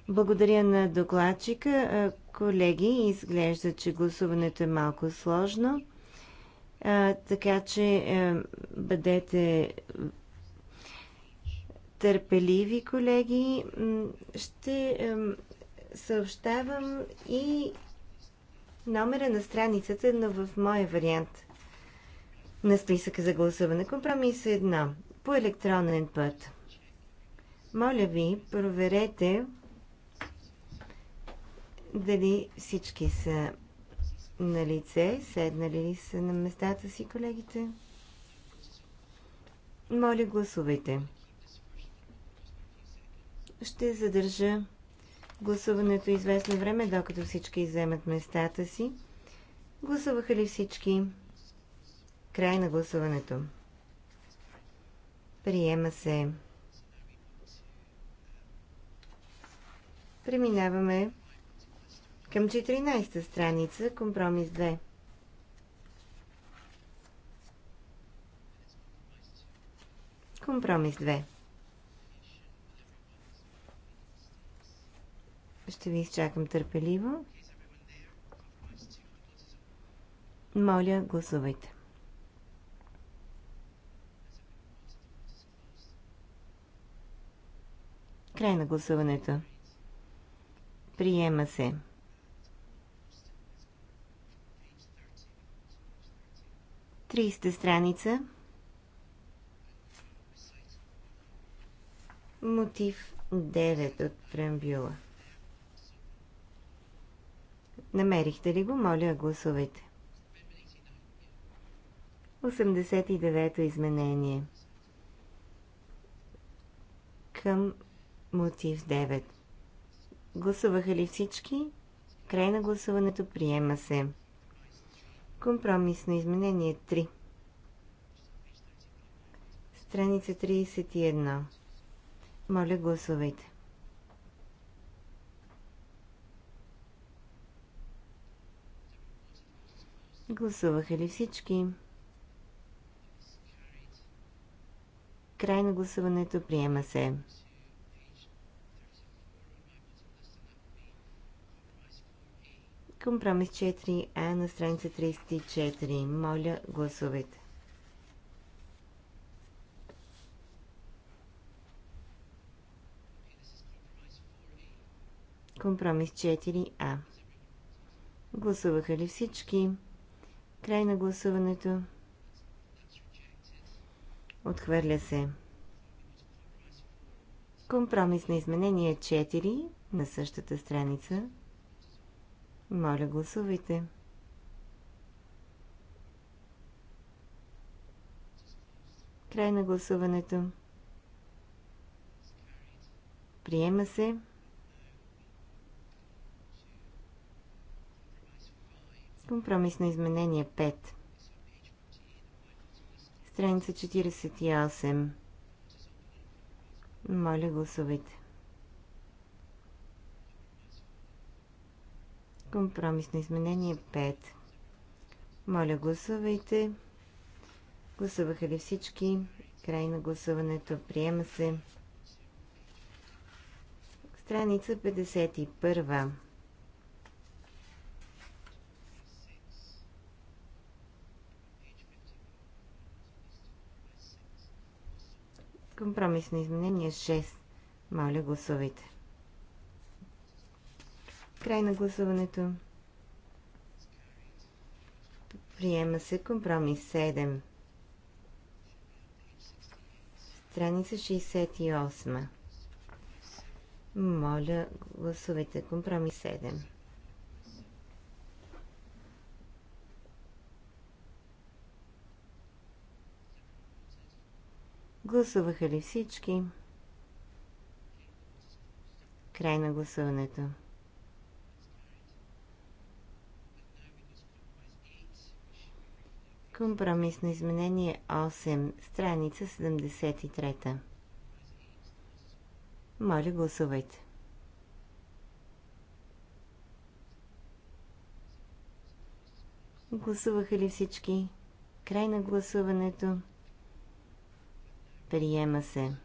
Благодаря на докладчика. Колеги, изглежда, че гласуването е малко сложно. Така че бъдете търпеливи, колеги. Ще съобщавам и номера на страницата, но в моя вариант – на списъка за гласуване. Компромис една. по електронен път. Моля ви, проверете дали всички са на лице, седнали ли са на местата си колегите. Моля, гласувайте. Ще задържа гласуването известно време, докато всички вземат местата си. Гласуваха ли всички? Край на гласуването. Приема се. Преминаваме към 14-та страница, компромис 2. Компромис 2. Ще ви изчакам търпеливо. Моля, гласувайте. Край на гласуването. Приема се. Триста страница. Мотив 9 от преамбюла. Намерихте ли го? Моля, гласувайте. 89-то изменение към Мотив 9. Гласуваха ли всички? Край на гласуването приема се. Компромисно изменение 3. Страница 31. Моля, гласувайте. Гласуваха ли всички? Край на гласуването приема се. Компромис 4А на страница 34. Моля, гласувайте. Компромис 4А. Гласуваха ли всички? Край на гласуването. Отхвърля се. Компромис на изменение 4 на същата страница. Моля, гласувайте. Край на гласуването. Приема се. Компромисно изменение 5. Страница 48. Моля, гласувайте. Компромисно изменение 5. Моля, гласувайте. Гласуваха ли всички? Край на гласуването. Приема се. Страница 51. Компромисно изменение 6. Моля, гласувайте. Край на гласуването. Приема се компромис 7. Страница 68. Моля, гласувайте компромис 7. Гласуваха ли всички? Край на гласуването. Компромисно изменение 8, страница 73. Моля, гласувайте. Гласуваха ли всички? Край на гласуването. Приема се.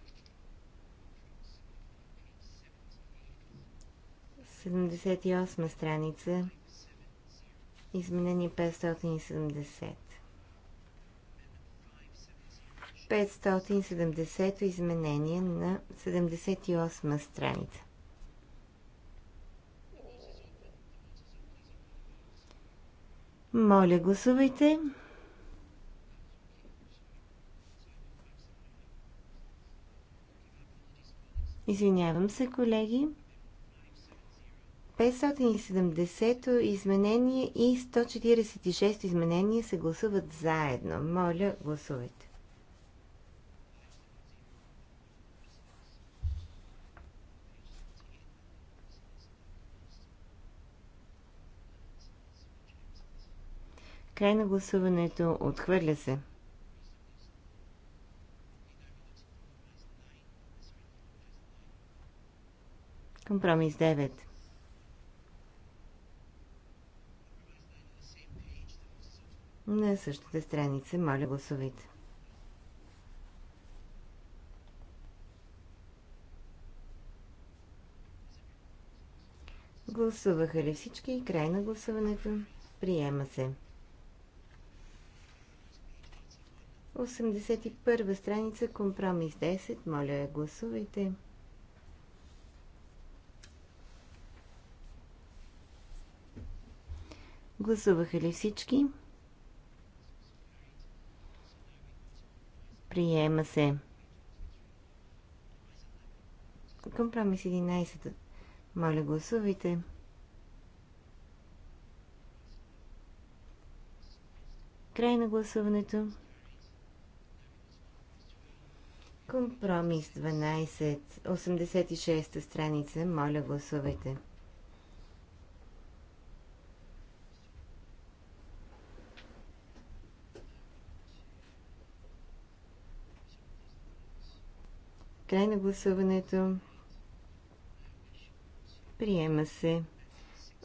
78 страница. Изменение 570. 570 изменение на 78 страница. Моля, гласувайте. Извинявам се, колеги. 570-то изменение и 146-то изменение се гласуват заедно. Моля, гласувайте. Край на гласуването. Отхвърля се. Компромис 9. На същата страница, моля гласувайте. Гласуваха ли всички? Край на гласуването. Приема се. 81 страница, компромис 10. Моля, гласувайте. Гласуваха ли всички? Приема се. Компромис 11. Моля, гласувайте. Край на гласуването. Компромис 12, 86 страница. Моля, гласувайте. Край на гласуването. Приема се.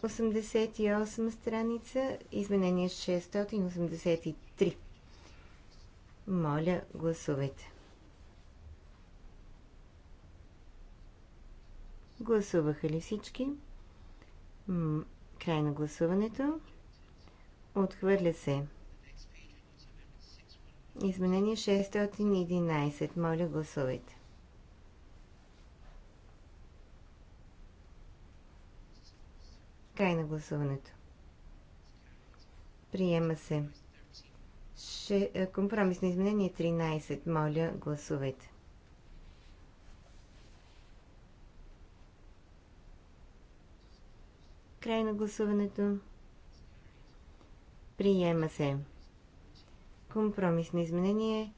88 страница, изменение 683. Моля, гласувайте. Гласуваха ли всички? М край на гласуването. Отхвърля се. Изменение 611. Моля, гласувайте. Край на гласуването. Приема се. Е, компромисно изменение 13. Моля, гласувайте. Край на гласуването. Приема се. Компромисно изменение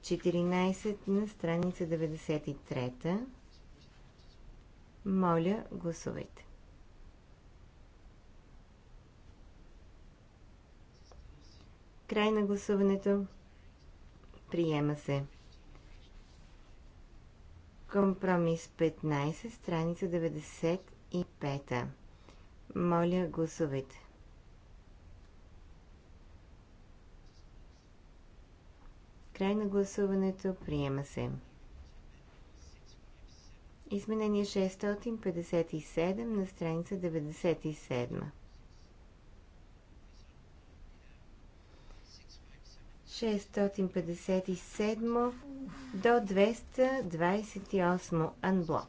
14 на страница 93. Моля, гласувайте. Край на гласуването. Приема се. Компромис 15, страница 95. Моля, гласувайте. Край на гласуването. Приема се. Изменение 657 на страница 97. 657 до 228 анблок.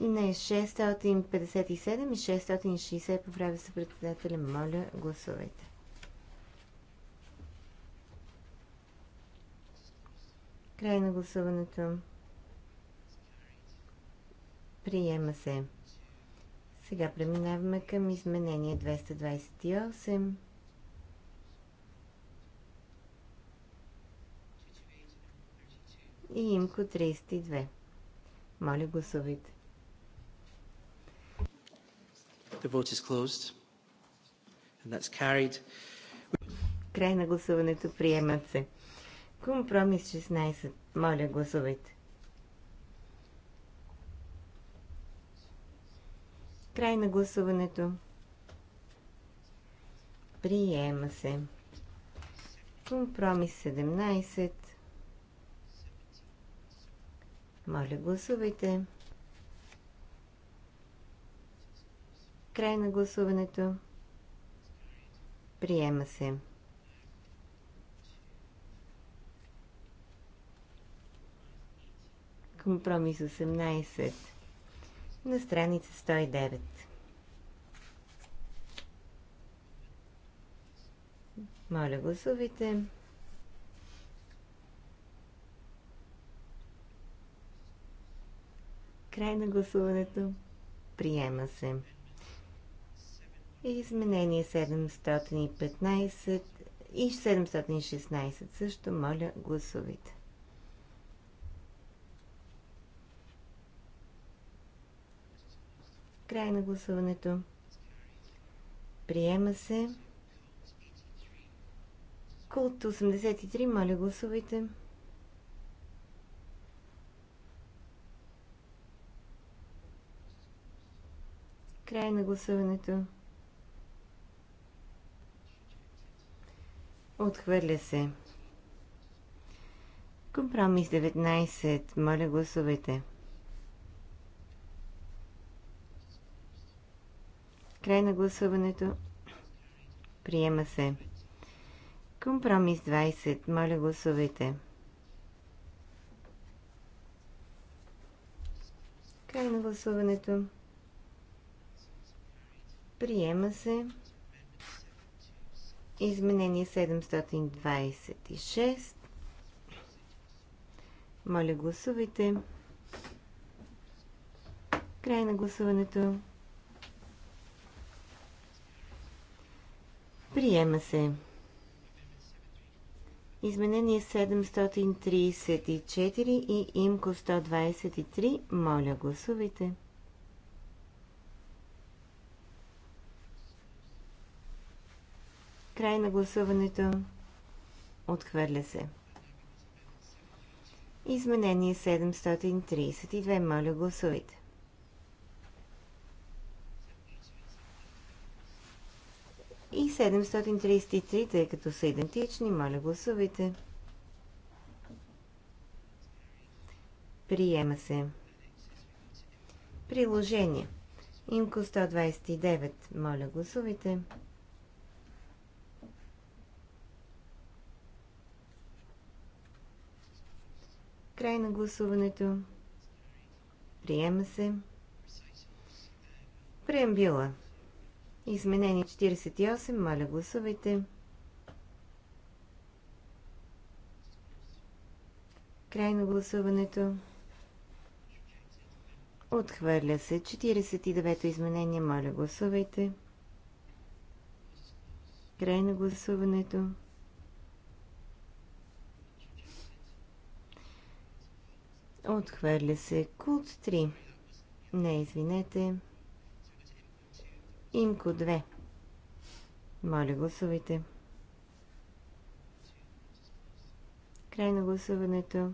Не, 657 и 660 по време се председателя. Моля, гласувайте. Край на гласуването. Приема се. Сега преминаваме към изменение 228. И имко 32. Моля, гласувайте. The vote is closed. And that's carried. Край на гласуването приемат се. Компромис 16. Моля, гласувайте. Край на гласуването. Приема се. Компромис 17. Моля, гласувайте. Край на гласуването. Приема се. Компромис 18 на страница 109. Моля, гласувайте. Край на гласуването. Приема се и изменение 715 и 716 също. Моля, гласувайте. Край на гласуването. Приема се. Култ 83, моля гласувайте. Край на гласуването. Отхвърля се. Компромис 19. Моля, гласувайте. Край на гласуването. Приема се. Компромис 20. Моля, гласувайте. Край на гласуването. Приема се. Изменение 726. Моля, гласувайте. Край на гласуването. Приема се. Изменение 734 и имко 123. Моля, гласувайте. Край на гласуването. Отхвърля се. Изменение 732. Моля, гласувайте. И 733, тъй като са идентични, моля, гласувайте. Приема се. Приложение. Имко 129. Моля, гласувайте. Край на гласуването. Приема се. Преамбила. Изменение 48. Маля гласувайте. Край на гласуването. Отхвърля се. 49-то изменение. Моля гласувайте. Край на гласуването. Отхвърля се култ 3. Не, извинете. Имко 2. Моля, гласувайте. Край на гласуването.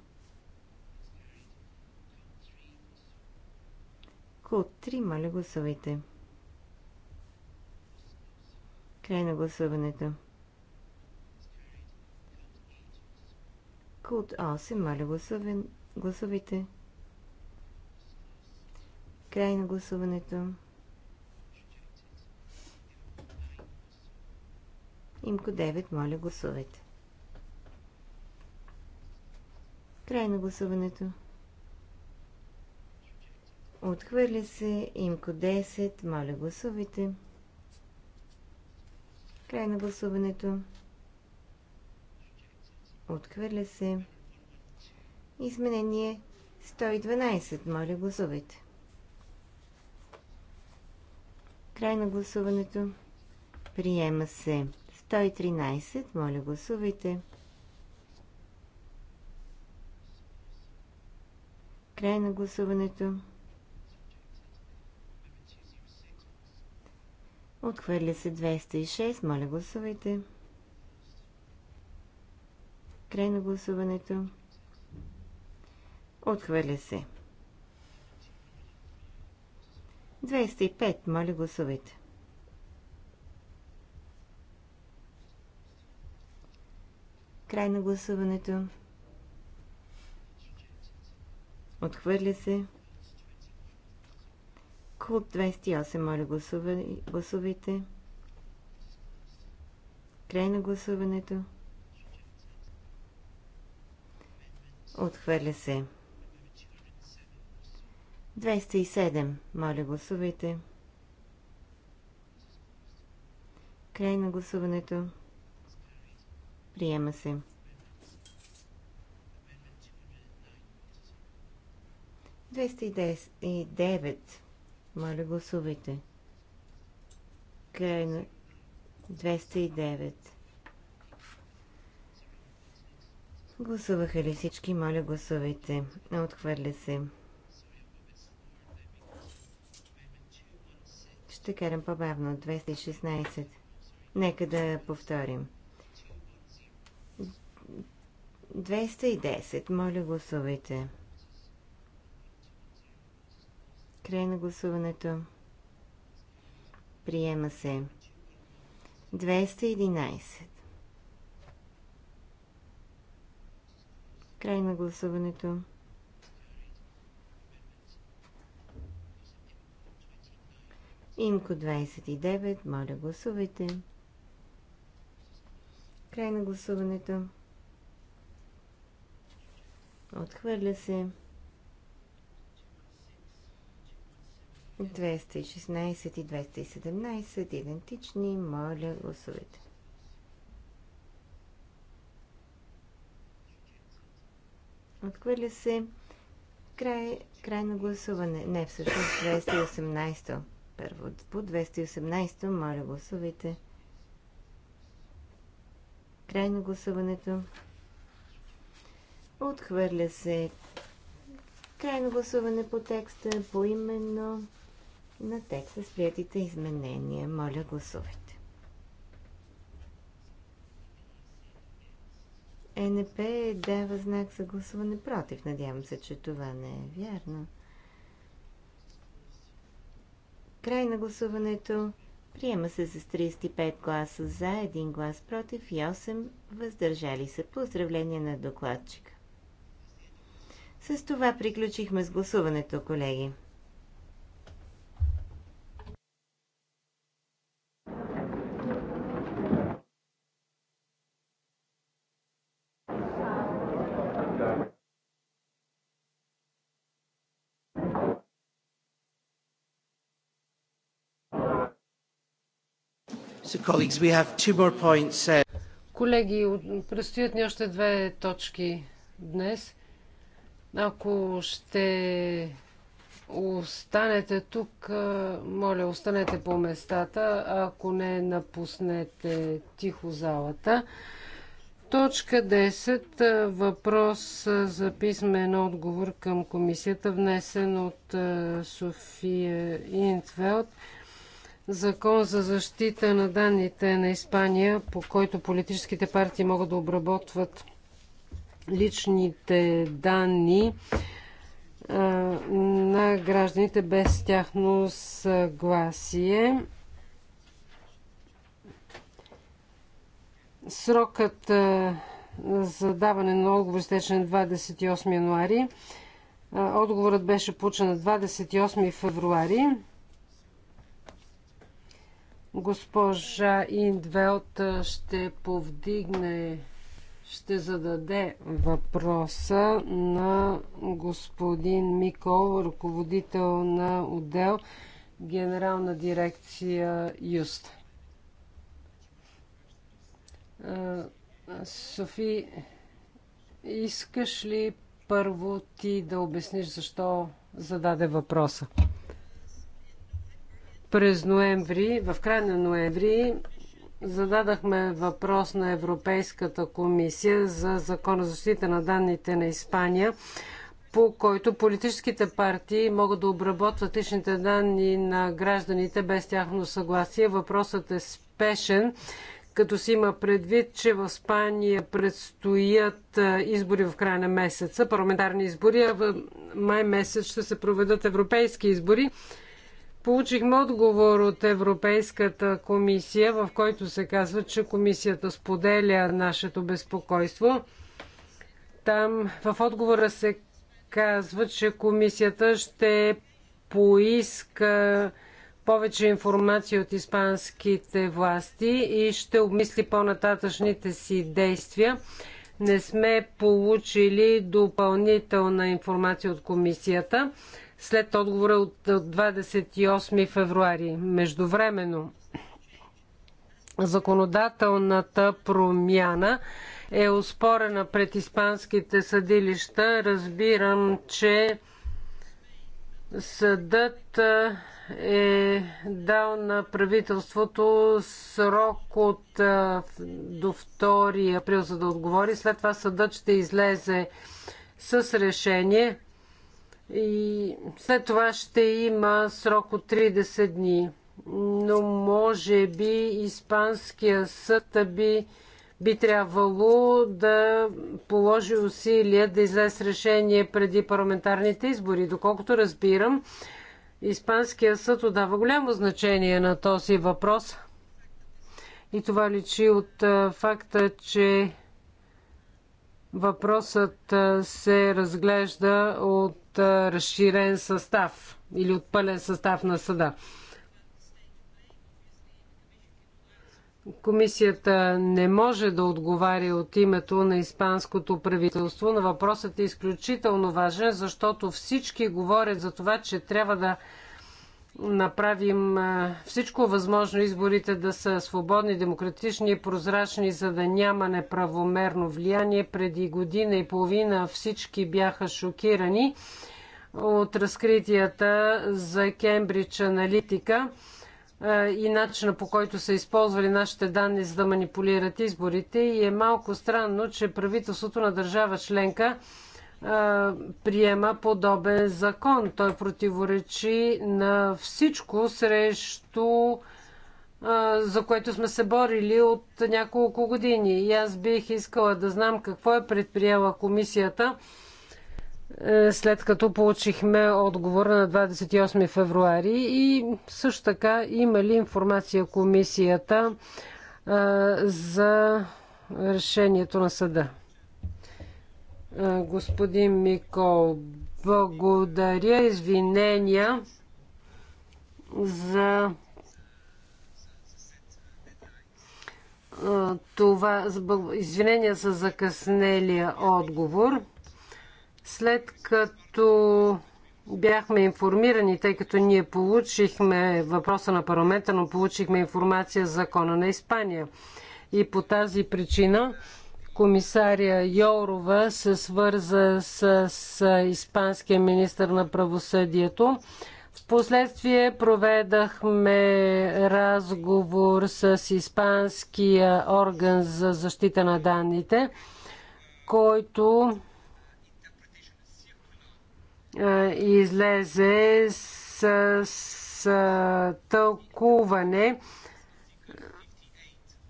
Куд 3, моля гласувайте. Край на гласуването. Култ 8. Моля, гласувай, гласувайте. Край на гласуването. Имко 9. Моля, гласувайте. Край на гласуването. Отхвърля се. Имко 10. Моля, гласувайте. Край на гласуването. Отхвърля се. Изменение 112. Моля, гласувайте. Край на гласуването. Приема се. 113. Моля, гласувайте. Край на гласуването. Отхвърля се 206. Моля, гласувайте. Край на гласуването. Отхвърля се. 205. Моля гласувайте. Край на гласуването. Отхвърля се. Клуб 28. Моля гласувайте. Край на гласуването. Отхвърля се. 207. Моля, гласувайте. Край на гласуването. Приема се. 209. Моля, гласувайте. Край на 209. Гласуваха ли всички? Моля, гласувайте. Отхвърля се. Ще карам по-бавно. 216. Нека да повторим. 210. Моля, гласувайте. Край на гласуването. Приема се. 211. Край на гласуването. Имко 29. Моля, гласувайте. Край на гласуването. Отхвърля се. 216 и 217 идентични. Моля, гласувайте. Отхвърля се край, край на гласуване. Не, всъщност 218. Първо по 218. то Моля, гласувайте. Край на гласуването. Отхвърля се крайно гласуване по текста, по именно на текста с приятите изменения. Моля, гласувайте. ЕНП е дава знак за гласуване против. Надявам се, че това не е вярно. Край на гласуването. Приема се с 35 гласа за, 1 глас против и 8 въздържали се. Поздравление на докладчика. С това приключихме с гласуването, колеги. Uh, Колеги, предстоят ни още две точки днес. Ако ще останете тук, моля, останете по местата, ако не напуснете тихо залата. Точка 10. Въпрос за писмен отговор към комисията, внесен от София Интвелд закон за защита на данните на Испания, по който политическите партии могат да обработват личните данни на гражданите без тяхно съгласие. Срокът за даване на отговор изтече на 28 януари. Отговорът беше получен на 28 февруари. Госпожа Индвелт ще повдигне, ще зададе въпроса на господин Микол, ръководител на отдел Генерална дирекция Юст. Софи, искаш ли първо ти да обясниш защо зададе въпроса? През ноември, в края на ноември, зададахме въпрос на Европейската комисия за Закон за защита на данните на Испания, по който политическите партии могат да обработват личните данни на гражданите без тяхно съгласие. Въпросът е спешен, като си има предвид, че в Спания предстоят избори в края на месеца, парламентарни избори, а в май месец ще се проведат европейски избори. Получихме отговор от Европейската комисия, в който се казва, че комисията споделя нашето безпокойство. Там в отговора се казва, че комисията ще поиска повече информация от испанските власти и ще обмисли по-нататъчните си действия. Не сме получили допълнителна информация от комисията след отговора от 28 февруари. Междувременно законодателната промяна е оспорена пред испанските съдилища. Разбирам, че съдът е дал на правителството срок от до 2 април за да отговори. След това съдът ще излезе с решение. И след това ще има срок от 30 дни. Но може би Испанския съд би, би трябвало да положи усилия да излезе решение преди парламентарните избори. Доколкото разбирам, Испанския съд отдава голямо значение на този въпрос. И това личи от факта, че въпросът се разглежда от от разширен състав или от пълен състав на съда. Комисията не може да отговаря от името на испанското правителство, но въпросът е изключително важен, защото всички говорят за това, че трябва да направим всичко възможно изборите да са свободни, демократични и прозрачни, за да няма неправомерно влияние. Преди година и половина всички бяха шокирани от разкритията за Кембридж аналитика и начина по който са използвали нашите данни за да манипулират изборите. И е малко странно, че правителството на държава членка приема подобен закон. Той противоречи на всичко срещу за което сме се борили от няколко години. И аз бих искала да знам какво е предприела комисията, е, след като получихме отговор на 28 февруари и също така има ли информация комисията за решението на съда господин Микол. Благодаря, извинения за това, извинения за закъснелия отговор. След като бяхме информирани, тъй като ние получихме въпроса на парламента, но получихме информация за закона на Испания. И по тази причина комисаря Йорова се свърза с, с испанския министр на правосъдието. Впоследствие проведахме разговор с испанския орган за защита на данните, който излезе с, с тълкуване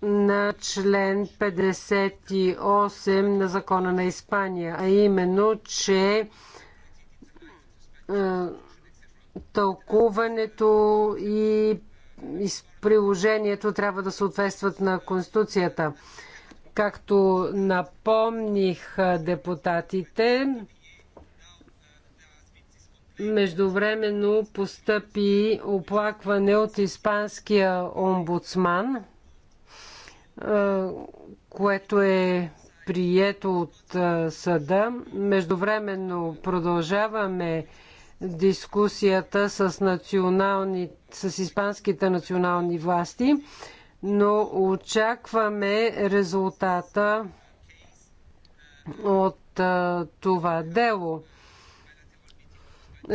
на член 58 на закона на Испания, а именно, че е, тълкуването и приложението трябва да съответстват на Конституцията. Както напомних е, депутатите, междувременно постъпи оплакване от испанския омбудсман – е, което е прието от е, съда. Междувременно продължаваме дискусията с, национални, с испанските национални власти, но очакваме резултата от е, това дело.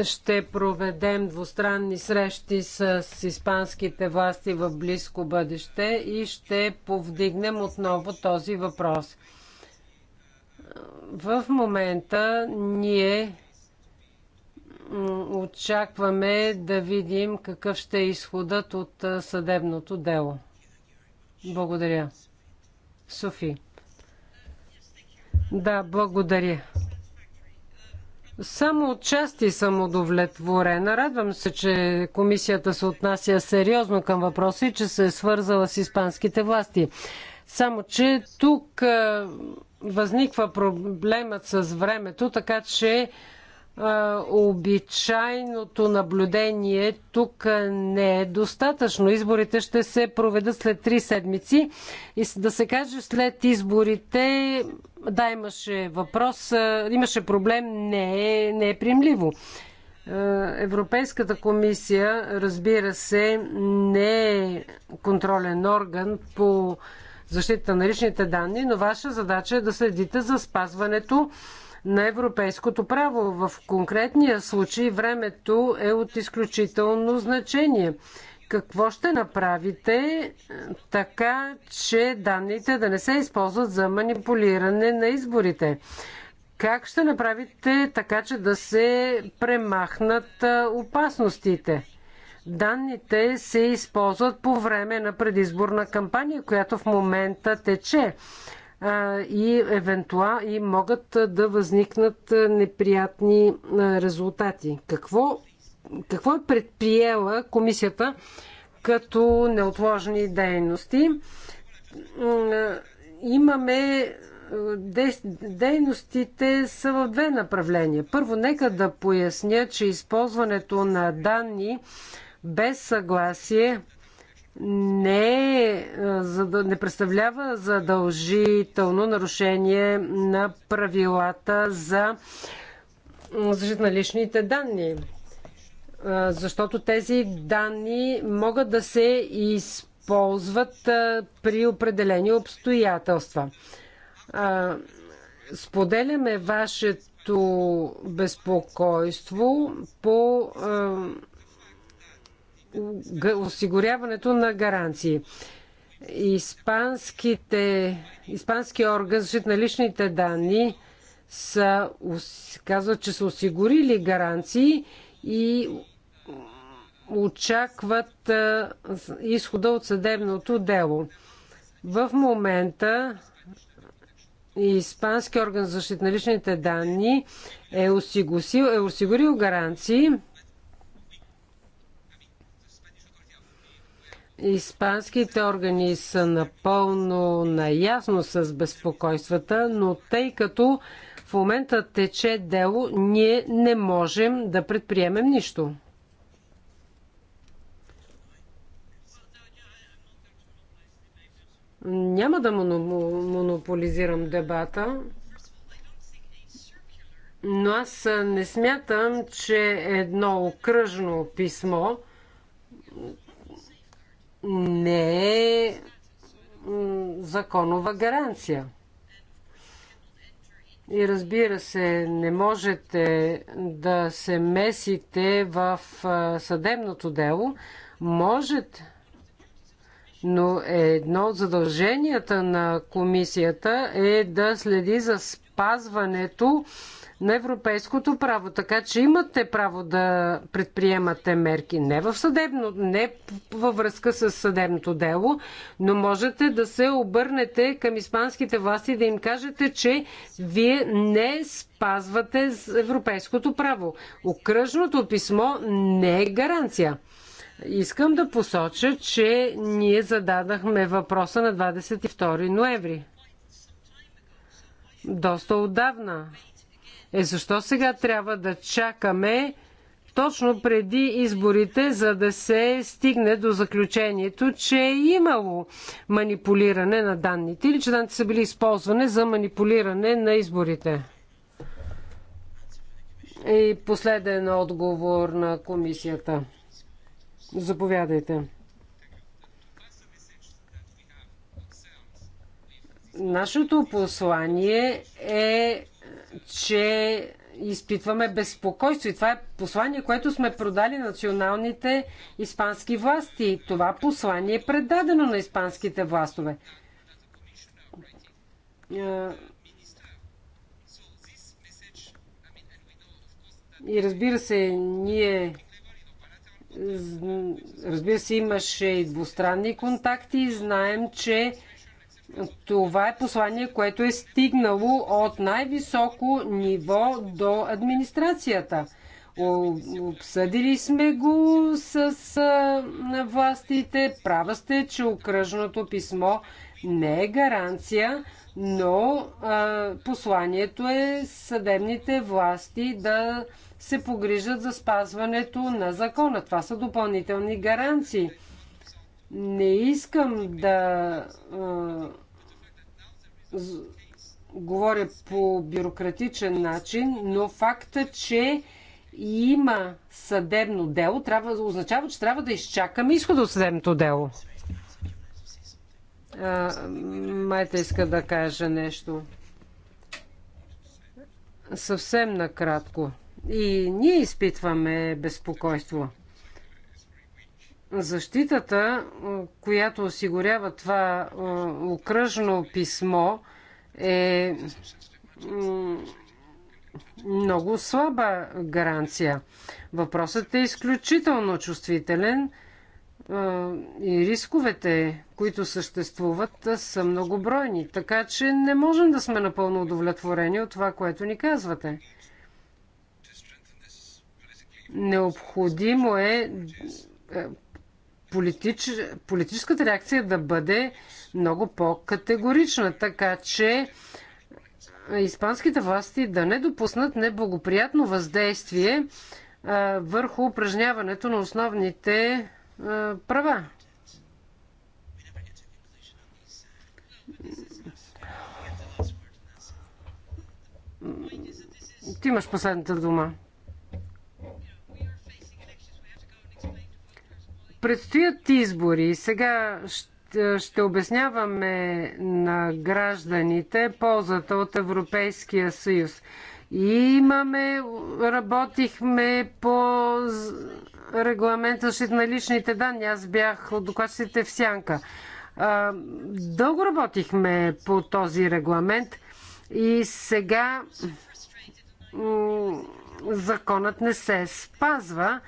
Ще проведем двустранни срещи с испанските власти в близко бъдеще и ще повдигнем отново този въпрос. В момента ние очакваме да видим какъв ще е изходът от съдебното дело. Благодаря. Софи. Да, благодаря. Само от части съм удовлетворена. Радвам се, че комисията се отнася сериозно към въпроса и че се е свързала с испанските власти. Само, че тук е, възниква проблемът с времето, така че обичайното наблюдение тук не е достатъчно. Изборите ще се проведат след три седмици и да се каже след изборите да, имаше въпрос, имаше проблем, не е, не е примливо. Европейската комисия, разбира се, не е контролен орган по защита на личните данни, но ваша задача е да следите за спазването на европейското право. В конкретния случай времето е от изключително значение. Какво ще направите е, така, че данните да не се използват за манипулиране на изборите? Как ще направите така, че да се премахнат е, опасностите? Данните се използват по време на предизборна кампания, която в момента тече и, евентуал и могат да възникнат неприятни резултати. Какво, какво е предприела комисията като неотложни дейности? Имаме дейностите са в две направления. Първо, нека да поясня, че използването на данни без съгласие не, е, за да не представлява задължително нарушение на правилата за защита на личните данни. Защото тези данни могат да се използват при определени обстоятелства. Споделяме вашето безпокойство по осигуряването на гаранции. Испанските, испански орган за на личните данни са, казват, че са осигурили гаранции и очакват изхода от съдебното дело. В момента Испански орган за защита на личните данни е осигурил, е осигурил гаранции Испанските органи са напълно наясно с безпокойствата, но тъй като в момента тече дело, ние не можем да предприемем нищо. Няма да монополизирам дебата, но аз не смятам, че едно окръжно писмо не е законова гаранция. И разбира се, не можете да се месите в съдебното дело. Можете, но едно от задълженията на комисията е да следи за спазването на европейското право. Така че имате право да предприемате мерки не, в съдебно, не във връзка с съдебното дело, но можете да се обърнете към испанските власти и да им кажете, че вие не спазвате европейското право. Окръжното писмо не е гаранция. Искам да посоча, че ние зададахме въпроса на 22 ноември. Доста отдавна. Е, защо сега трябва да чакаме точно преди изборите, за да се стигне до заключението, че е имало манипулиране на данните или че данните са били използвани за манипулиране на изборите? И последен отговор на комисията. Заповядайте. Нашето послание е че изпитваме безпокойство и това е послание, което сме продали националните испански власти. Това послание е предадено на испанските властове. Е, и разбира се, ние разбира се, имаше и двустранни контакти. Знаем, че това е послание, което е стигнало от най-високо ниво до администрацията. Обсъдили сме го с властите. Права сте, че окръжното писмо не е гаранция, но а, посланието е съдебните власти да се погрижат за спазването на закона. Това са допълнителни гаранции. Не искам да говоря по бюрократичен начин, но факта, че има съдебно дело, трябва, означава, че трябва да изчакаме изхода от съдебното дело. А, майта иска да каже нещо. Съвсем накратко. И ние изпитваме безпокойство. Защитата, която осигурява това окръжно писмо, е много слаба гаранция. Въпросът е изключително чувствителен и рисковете, които съществуват, са многобройни. Така че не можем да сме напълно удовлетворени от това, което ни казвате. Необходимо е, е политич... политическата реакция да бъде много по-категорична, така че испанските власти да не допуснат неблагоприятно въздействие а, върху упражняването на основните а, права. Ти имаш последната дума. предстоят избори. Сега ще, ще обясняваме на гражданите ползата от Европейския съюз. И имаме, работихме по регламента защита на личните данни. Аз бях от докладчите в Сянка. Дълго работихме по този регламент и сега законът не се спазва.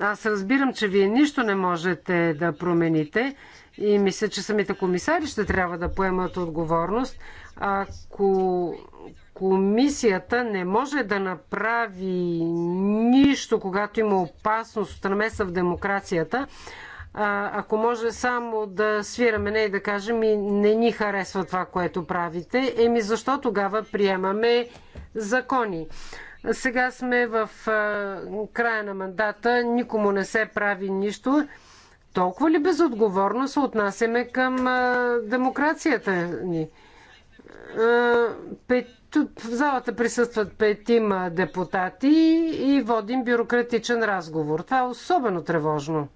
Аз разбирам, че вие нищо не можете да промените и мисля, че самите комисари ще трябва да поемат отговорност. Ако комисията не може да направи нищо, когато има опасност от намеса в демокрацията, ако може само да свираме не и да кажем и не ни харесва това, което правите, еми защо тогава приемаме закони? Сега сме в края на мандата, никому не се прави нищо. Толкова ли безотговорно се отнасяме към демокрацията ни? Пет, в залата присъстват петима депутати и водим бюрократичен разговор. Това е особено тревожно.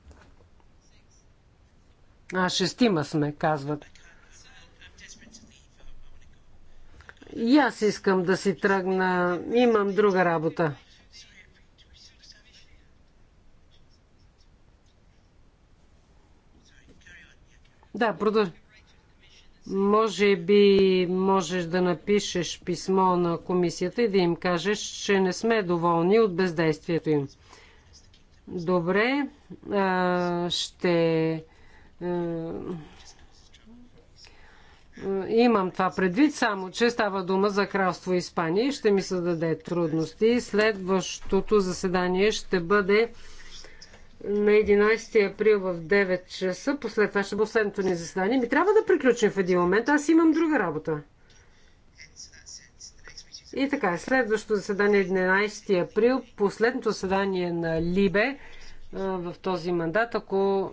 А, шестима сме, казват. И аз искам да си тръгна. Имам друга работа. Да, продължи. Може би можеш да напишеш писмо на комисията и да им кажеш, че не сме доволни от бездействието им. Добре, ще е, имам това предвид, само че става дума за кралство Испания и ще ми създаде трудности. Следващото заседание ще бъде на 11 април в 9 часа. После това ще бъде последното ни заседание. Ми трябва да приключим в един момент. Аз имам друга работа. И така, следващото заседание 11 е април, последното заседание на Либе в този мандат, ако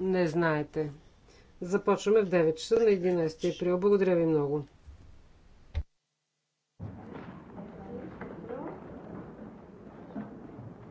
не знаете. Започваме в 9 часа на 11 април. Благодаря ви много.